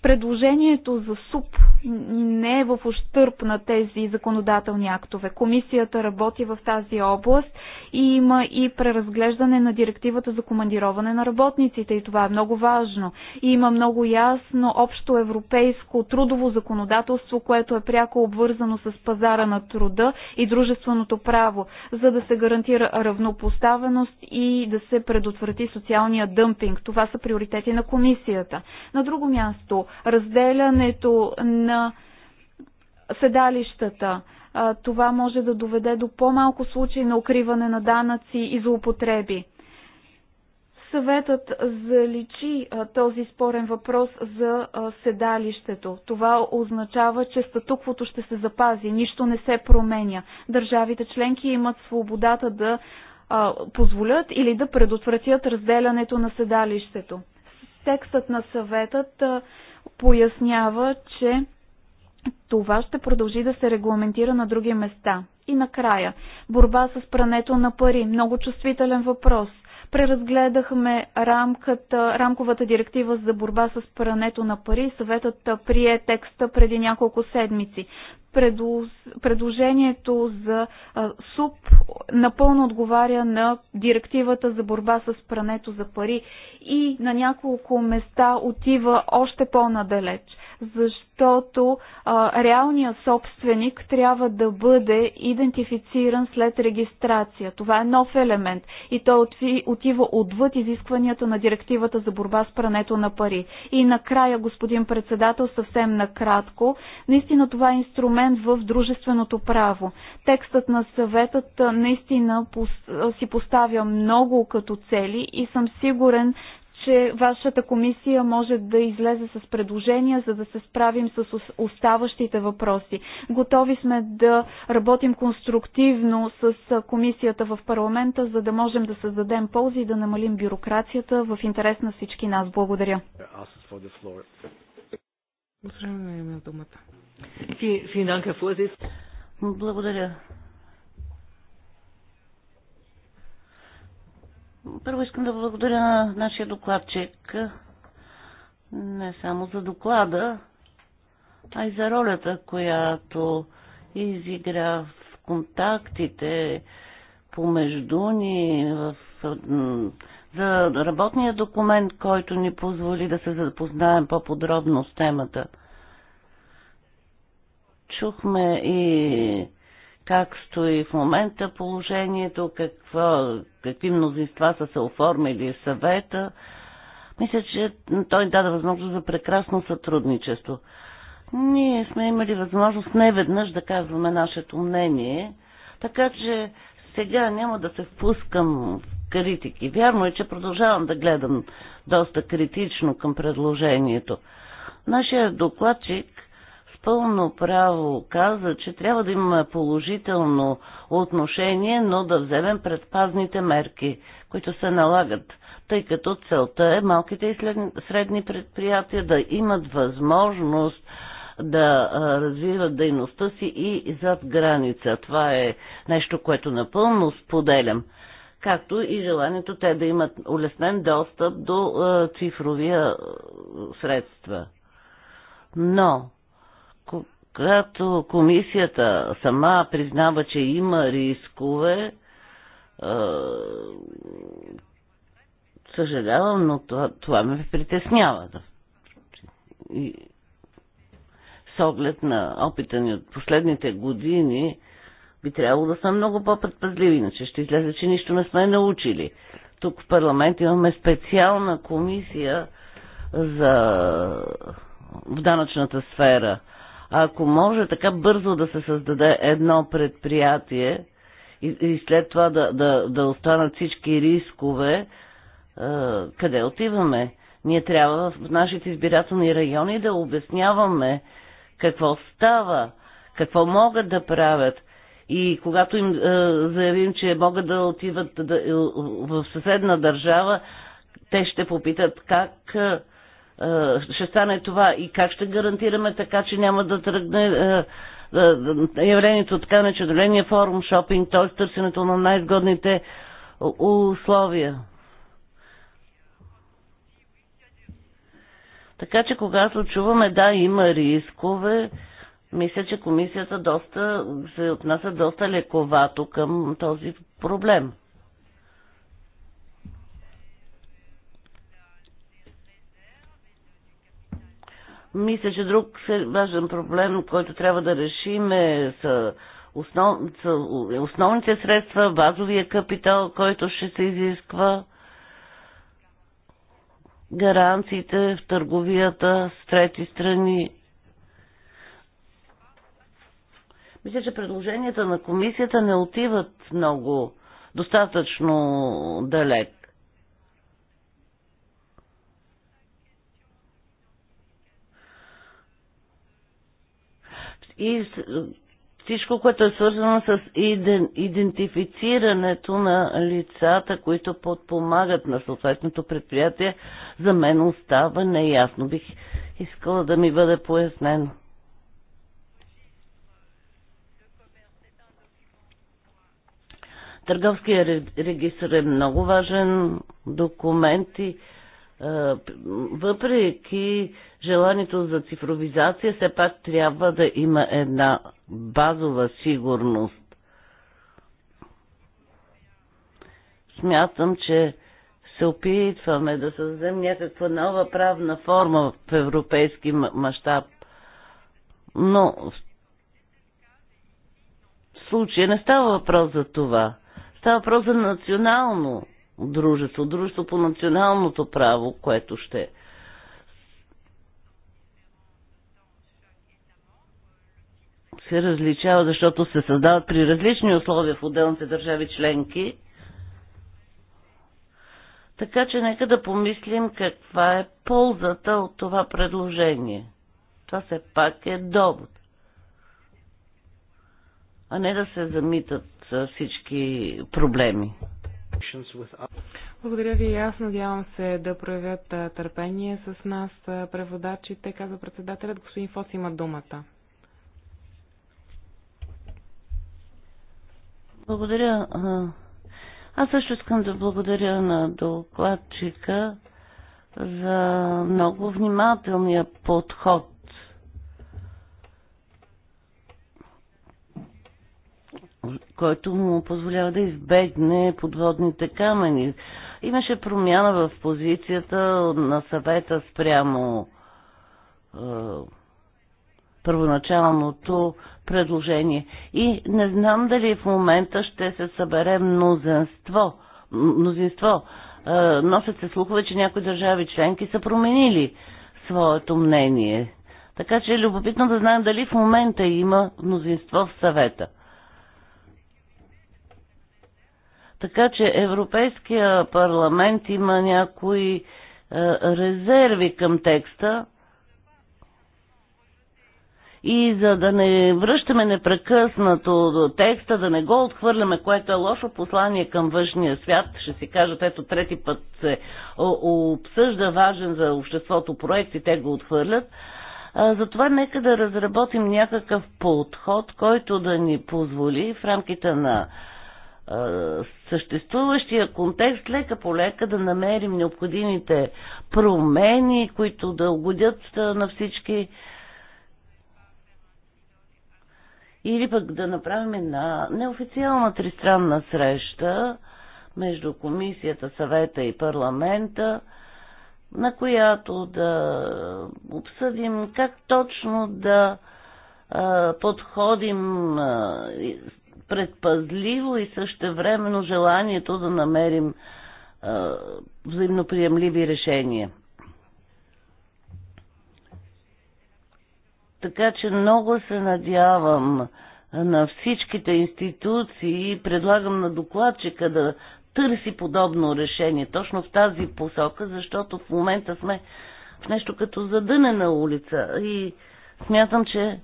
предложението за СУП не е в ощърп на тези законодателни актове. Комисията работи в тази област и има и преразглеждане на директивата за командироване на работниците и това е много важно. И има много ясно общо европейско трудово законодателство, което е пряко обвързано с пазара на труда и дружественото право, за да се гарантира равнопоставеност и да се предотврати социалния дъмпинг. Това са приоритети на комисията. На друго място, разделянето на седалищата. Това може да доведе до по-малко случаи на укриване на данъци и злоупотреби съветът заличи този спорен въпрос за седалището. Това означава, че статуквото ще се запази, нищо не се променя. Държавите членки имат свободата да позволят или да предотвратят разделянето на седалището. Текстът на съветът пояснява, че това ще продължи да се регламентира на други места. И накрая, борба с прането на пари. Много чувствителен въпрос. Преразгледахме рамката, рамковата директива за борба с прането на пари. Съветът прие текста преди няколко седмици предложението за СУП напълно отговаря на директивата за борба с прането за пари и на няколко места отива още по-надалеч, защото реалният собственик трябва да бъде идентифициран след регистрация. Това е нов елемент и той отива отвъд изискванията на директивата за борба с прането на пари. И накрая, господин председател, съвсем накратко, наистина това е инструмент, уреден в дружественото право. Текстът на съветът наистина си поставя много като цели и съм сигурен, че вашата комисия може да излезе с предложения, за да се справим с оставащите въпроси. Готови сме да работим конструктивно с комисията в парламента, за да можем да създадем ползи и да намалим бюрокрацията в интерес на всички нас. Благодаря. Благодаря на има думата. Благодаря. Първо искам да благодаря на нашия докладчик не само за доклада, а и за ролята, която изигра в контактите помежду ни, в, за работния документ, който ни позволи да се запознаем по-подробно с темата – Чухме и как стои в момента положението, какво, какви мнозинства са се оформили в съвета. Мисля, че той даде възможност за прекрасно сътрудничество. Ние сме имали възможност не веднъж да казваме нашето мнение, така че сега няма да се впускам в критики. Вярно е, че продължавам да гледам доста критично към предложението. Нашия докладчик пълно право каза, че трябва да имаме положително отношение, но да вземем предпазните мерки, които се налагат, тъй като целта е малките и средни предприятия да имат възможност да развиват дейността си и зад граница. Това е нещо, което напълно споделям както и желанието те да имат улеснен достъп до цифровия средства. Но когато комисията сама признава, че има рискове, съжалявам, но това, това ме притеснява. И с оглед на опита ни от последните години, би трябвало да сме много по-предпазливи, иначе ще излезе, че нищо не сме научили. Тук в парламент имаме специална комисия за в данъчната сфера – ако може така бързо да се създаде едно предприятие и, и след това да, да, да останат всички рискове, е, къде отиваме? Ние трябва в нашите избирателни райони да обясняваме какво става, какво могат да правят. И когато им е, заявим, че могат да отиват да, в съседна държава, те ще попитат как е, е, ще стане това и как ще гарантираме така, че няма да тръгне е, е, явлението така чудоления форум, шопинг, т.е. търсенето на най-изгодните условия. Така че когато чуваме да има рискове, мисля, че комисията доста, се отнася доста лековато към този проблем. Мисля, че друг важен проблем, който трябва да решим е с основ... Е основните средства, базовия капитал, който ще се изисква, гаранциите в търговията с трети страни. Мисля, че предложенията на комисията не отиват много достатъчно далек. и всичко, което е свързано с идентифицирането на лицата, които подпомагат на съответното предприятие, за мен остава неясно. Бих искала да ми бъде пояснено. Търговският регистр е много важен документ и е, въпреки желанието за цифровизация, все пак трябва да има една базова сигурност. Смятам, че се опитваме да създадем някаква нова правна форма в европейски мащаб, но в случая не става въпрос за това. Става въпрос за национално дружество. Дружество по националното право, което ще се различава, защото се създават при различни условия в отделните държави членки. Така че нека да помислим каква е ползата от това предложение. Това все пак е довод. А не да се замитат всички проблеми. Благодаря ви и аз надявам се да проявят търпение с нас преводачите, каза председателят. Господин Фос има думата. Благодаря. Аз също искам да благодаря на докладчика за много внимателния подход който му позволява да избегне подводните камъни. Имаше промяна в позицията на съвета спрямо е, първоначалното предложение. И не знам дали в момента ще се събере мнозинство. мнозинство. Е, носят се слухове, че някои държави членки са променили своето мнение. Така че е любопитно да знаем дали в момента има мнозинство в съвета. Така че Европейския парламент има някои е, резерви към текста. И за да не връщаме непрекъснато до текста, да не го отхвърляме, което е лошо послание към външния свят, ще си кажат, ето трети път се обсъжда важен за обществото проект и те го отхвърлят. Затова нека да разработим някакъв подход, който да ни позволи в рамките на съществуващия контекст лека по лека да намерим необходимите промени, които да угодят на всички или пък да направим една неофициална тристранна среща между комисията, съвета и парламента, на която да обсъдим как точно да подходим предпазливо и същевременно желанието да намерим а, взаимноприемливи решения. Така че много се надявам на всичките институции и предлагам на докладчика да търси подобно решение, точно в тази посока, защото в момента сме в нещо като задънена улица и смятам, че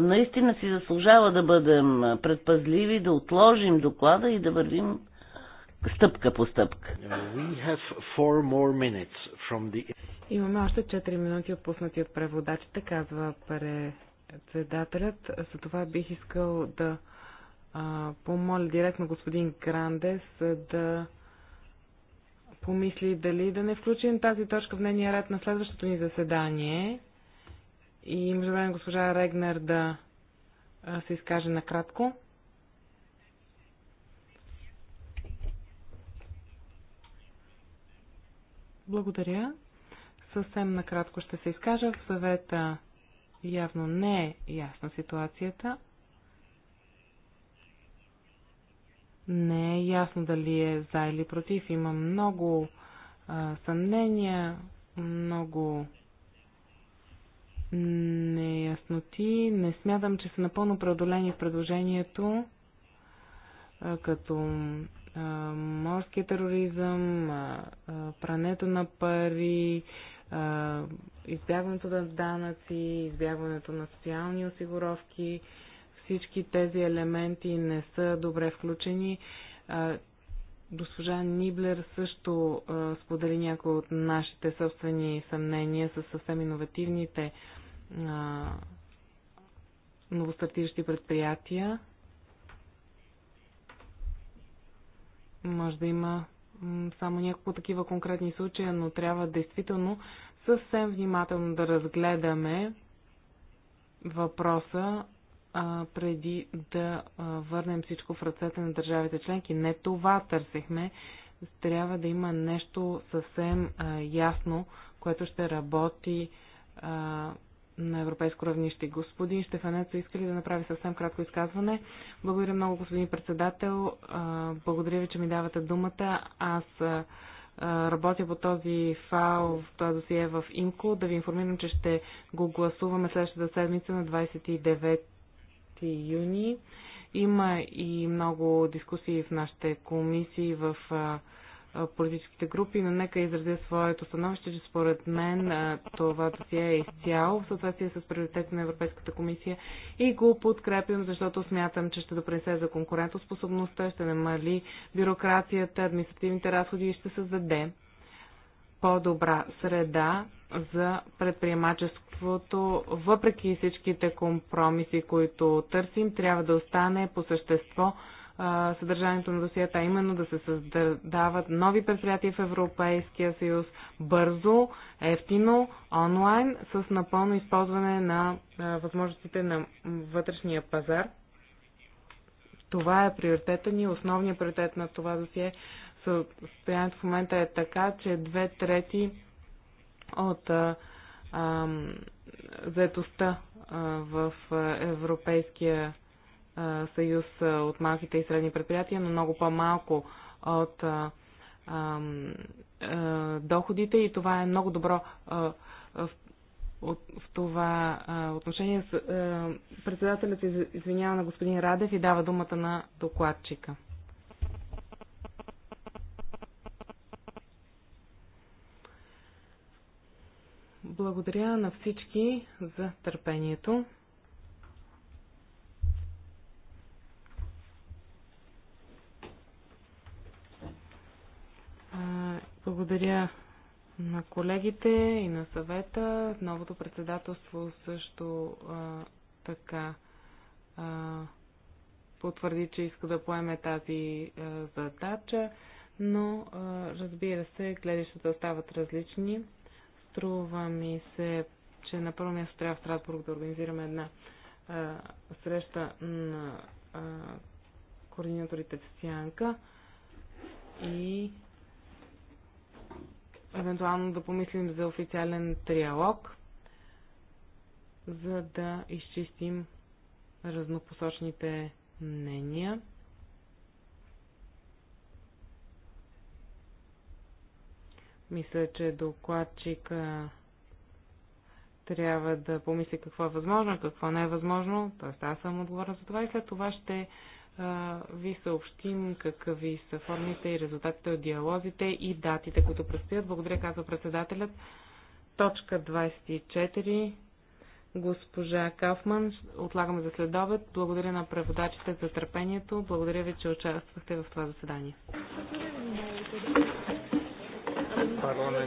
наистина си заслужава да бъдем предпазливи, да отложим доклада и да вървим стъпка по стъпка. The... Имаме още 4 минути отпуснати от преводачите, казва председателят. За това бих искал да а, помоля директно господин Грандес да помисли дали да не включим тази точка в нения ред на следващото ни заседание и им желаем госпожа Регнер да се изкаже накратко. Благодаря. Съвсем накратко ще се изкажа. В съвета явно не е ясна ситуацията. Не е ясно дали е за или против. Има много а, съмнения, много неясноти. Не смятам, че са напълно преодолени в предложението, като морския тероризъм, прането на пари, избягването на данъци, избягването на социални осигуровки. Всички тези елементи не са добре включени. Госпожа Ниблер също а, сподели някои от нашите собствени съмнения с съвсем иновативните а, новостартиращи предприятия. Може да има само няколко такива конкретни случая, но трябва действително съвсем внимателно да разгледаме въпроса а, преди да а, върнем всичко в ръцете на държавите членки. Не това търсихме. Трябва да има нещо съвсем а, ясно, което ще работи а, на европейско равнище. Господин Штефанец, искали да направи съвсем кратко изказване? Благодаря много, господин председател. А, благодаря ви, че ми давате думата. Аз а, работя по този файл, в това досие в ИМКО. Да ви информирам, че ще го гласуваме следващата седмица на 29 юни. Има и много дискусии в нашите комисии, в политическите групи, но нека изразя своето становище, че според мен това досие е изцяло в съответствие с приоритетите на Европейската комисия и го подкрепям, защото смятам, че ще допринесе за конкурентоспособността, ще намали бюрокрацията, административните разходи и ще създаде по-добра среда за предприемачеството, въпреки всичките компромиси, които търсим, трябва да остане по същество съдържанието на досията, а именно да се създават нови предприятия в Европейския съюз бързо, ефтино, онлайн, с напълно използване на възможностите на вътрешния пазар. Това е приоритета ни, основният приоритет на това досие. Състоянието в момента е така, че две трети от а, а, заедостта а, в Европейския а, съюз а, от малките и средни предприятия, но много по-малко от а, а, а, доходите и това е много добро а, в, от, в това а, отношение. С, а, председателят извинява на господин Радев и дава думата на докладчика. Благодаря на всички за търпението. Благодаря на колегите и на съвета. Новото председателство също а, така а, потвърди, че иска да поеме тази а, задача, но а, разбира се, гледащата остават различни. Струва ми се, че на първо място трябва в Страсбург да организираме една а, среща на а, координаторите в Сянка и евентуално да помислим за официален триалог, за да изчистим разнопосочните мнения. Мисля, че докладчика трябва да помисли какво е възможно, какво не е възможно. т.е. аз съм отговорна за това и след това ще ви съобщим какви са формите и резултатите от диалозите и датите, които предстоят. Благодаря, казва председателят. Точка 24. Госпожа Кафман, отлагаме за следобед. Благодаря на преводачите за търпението. Благодаря ви, че участвахте в това заседание. Parole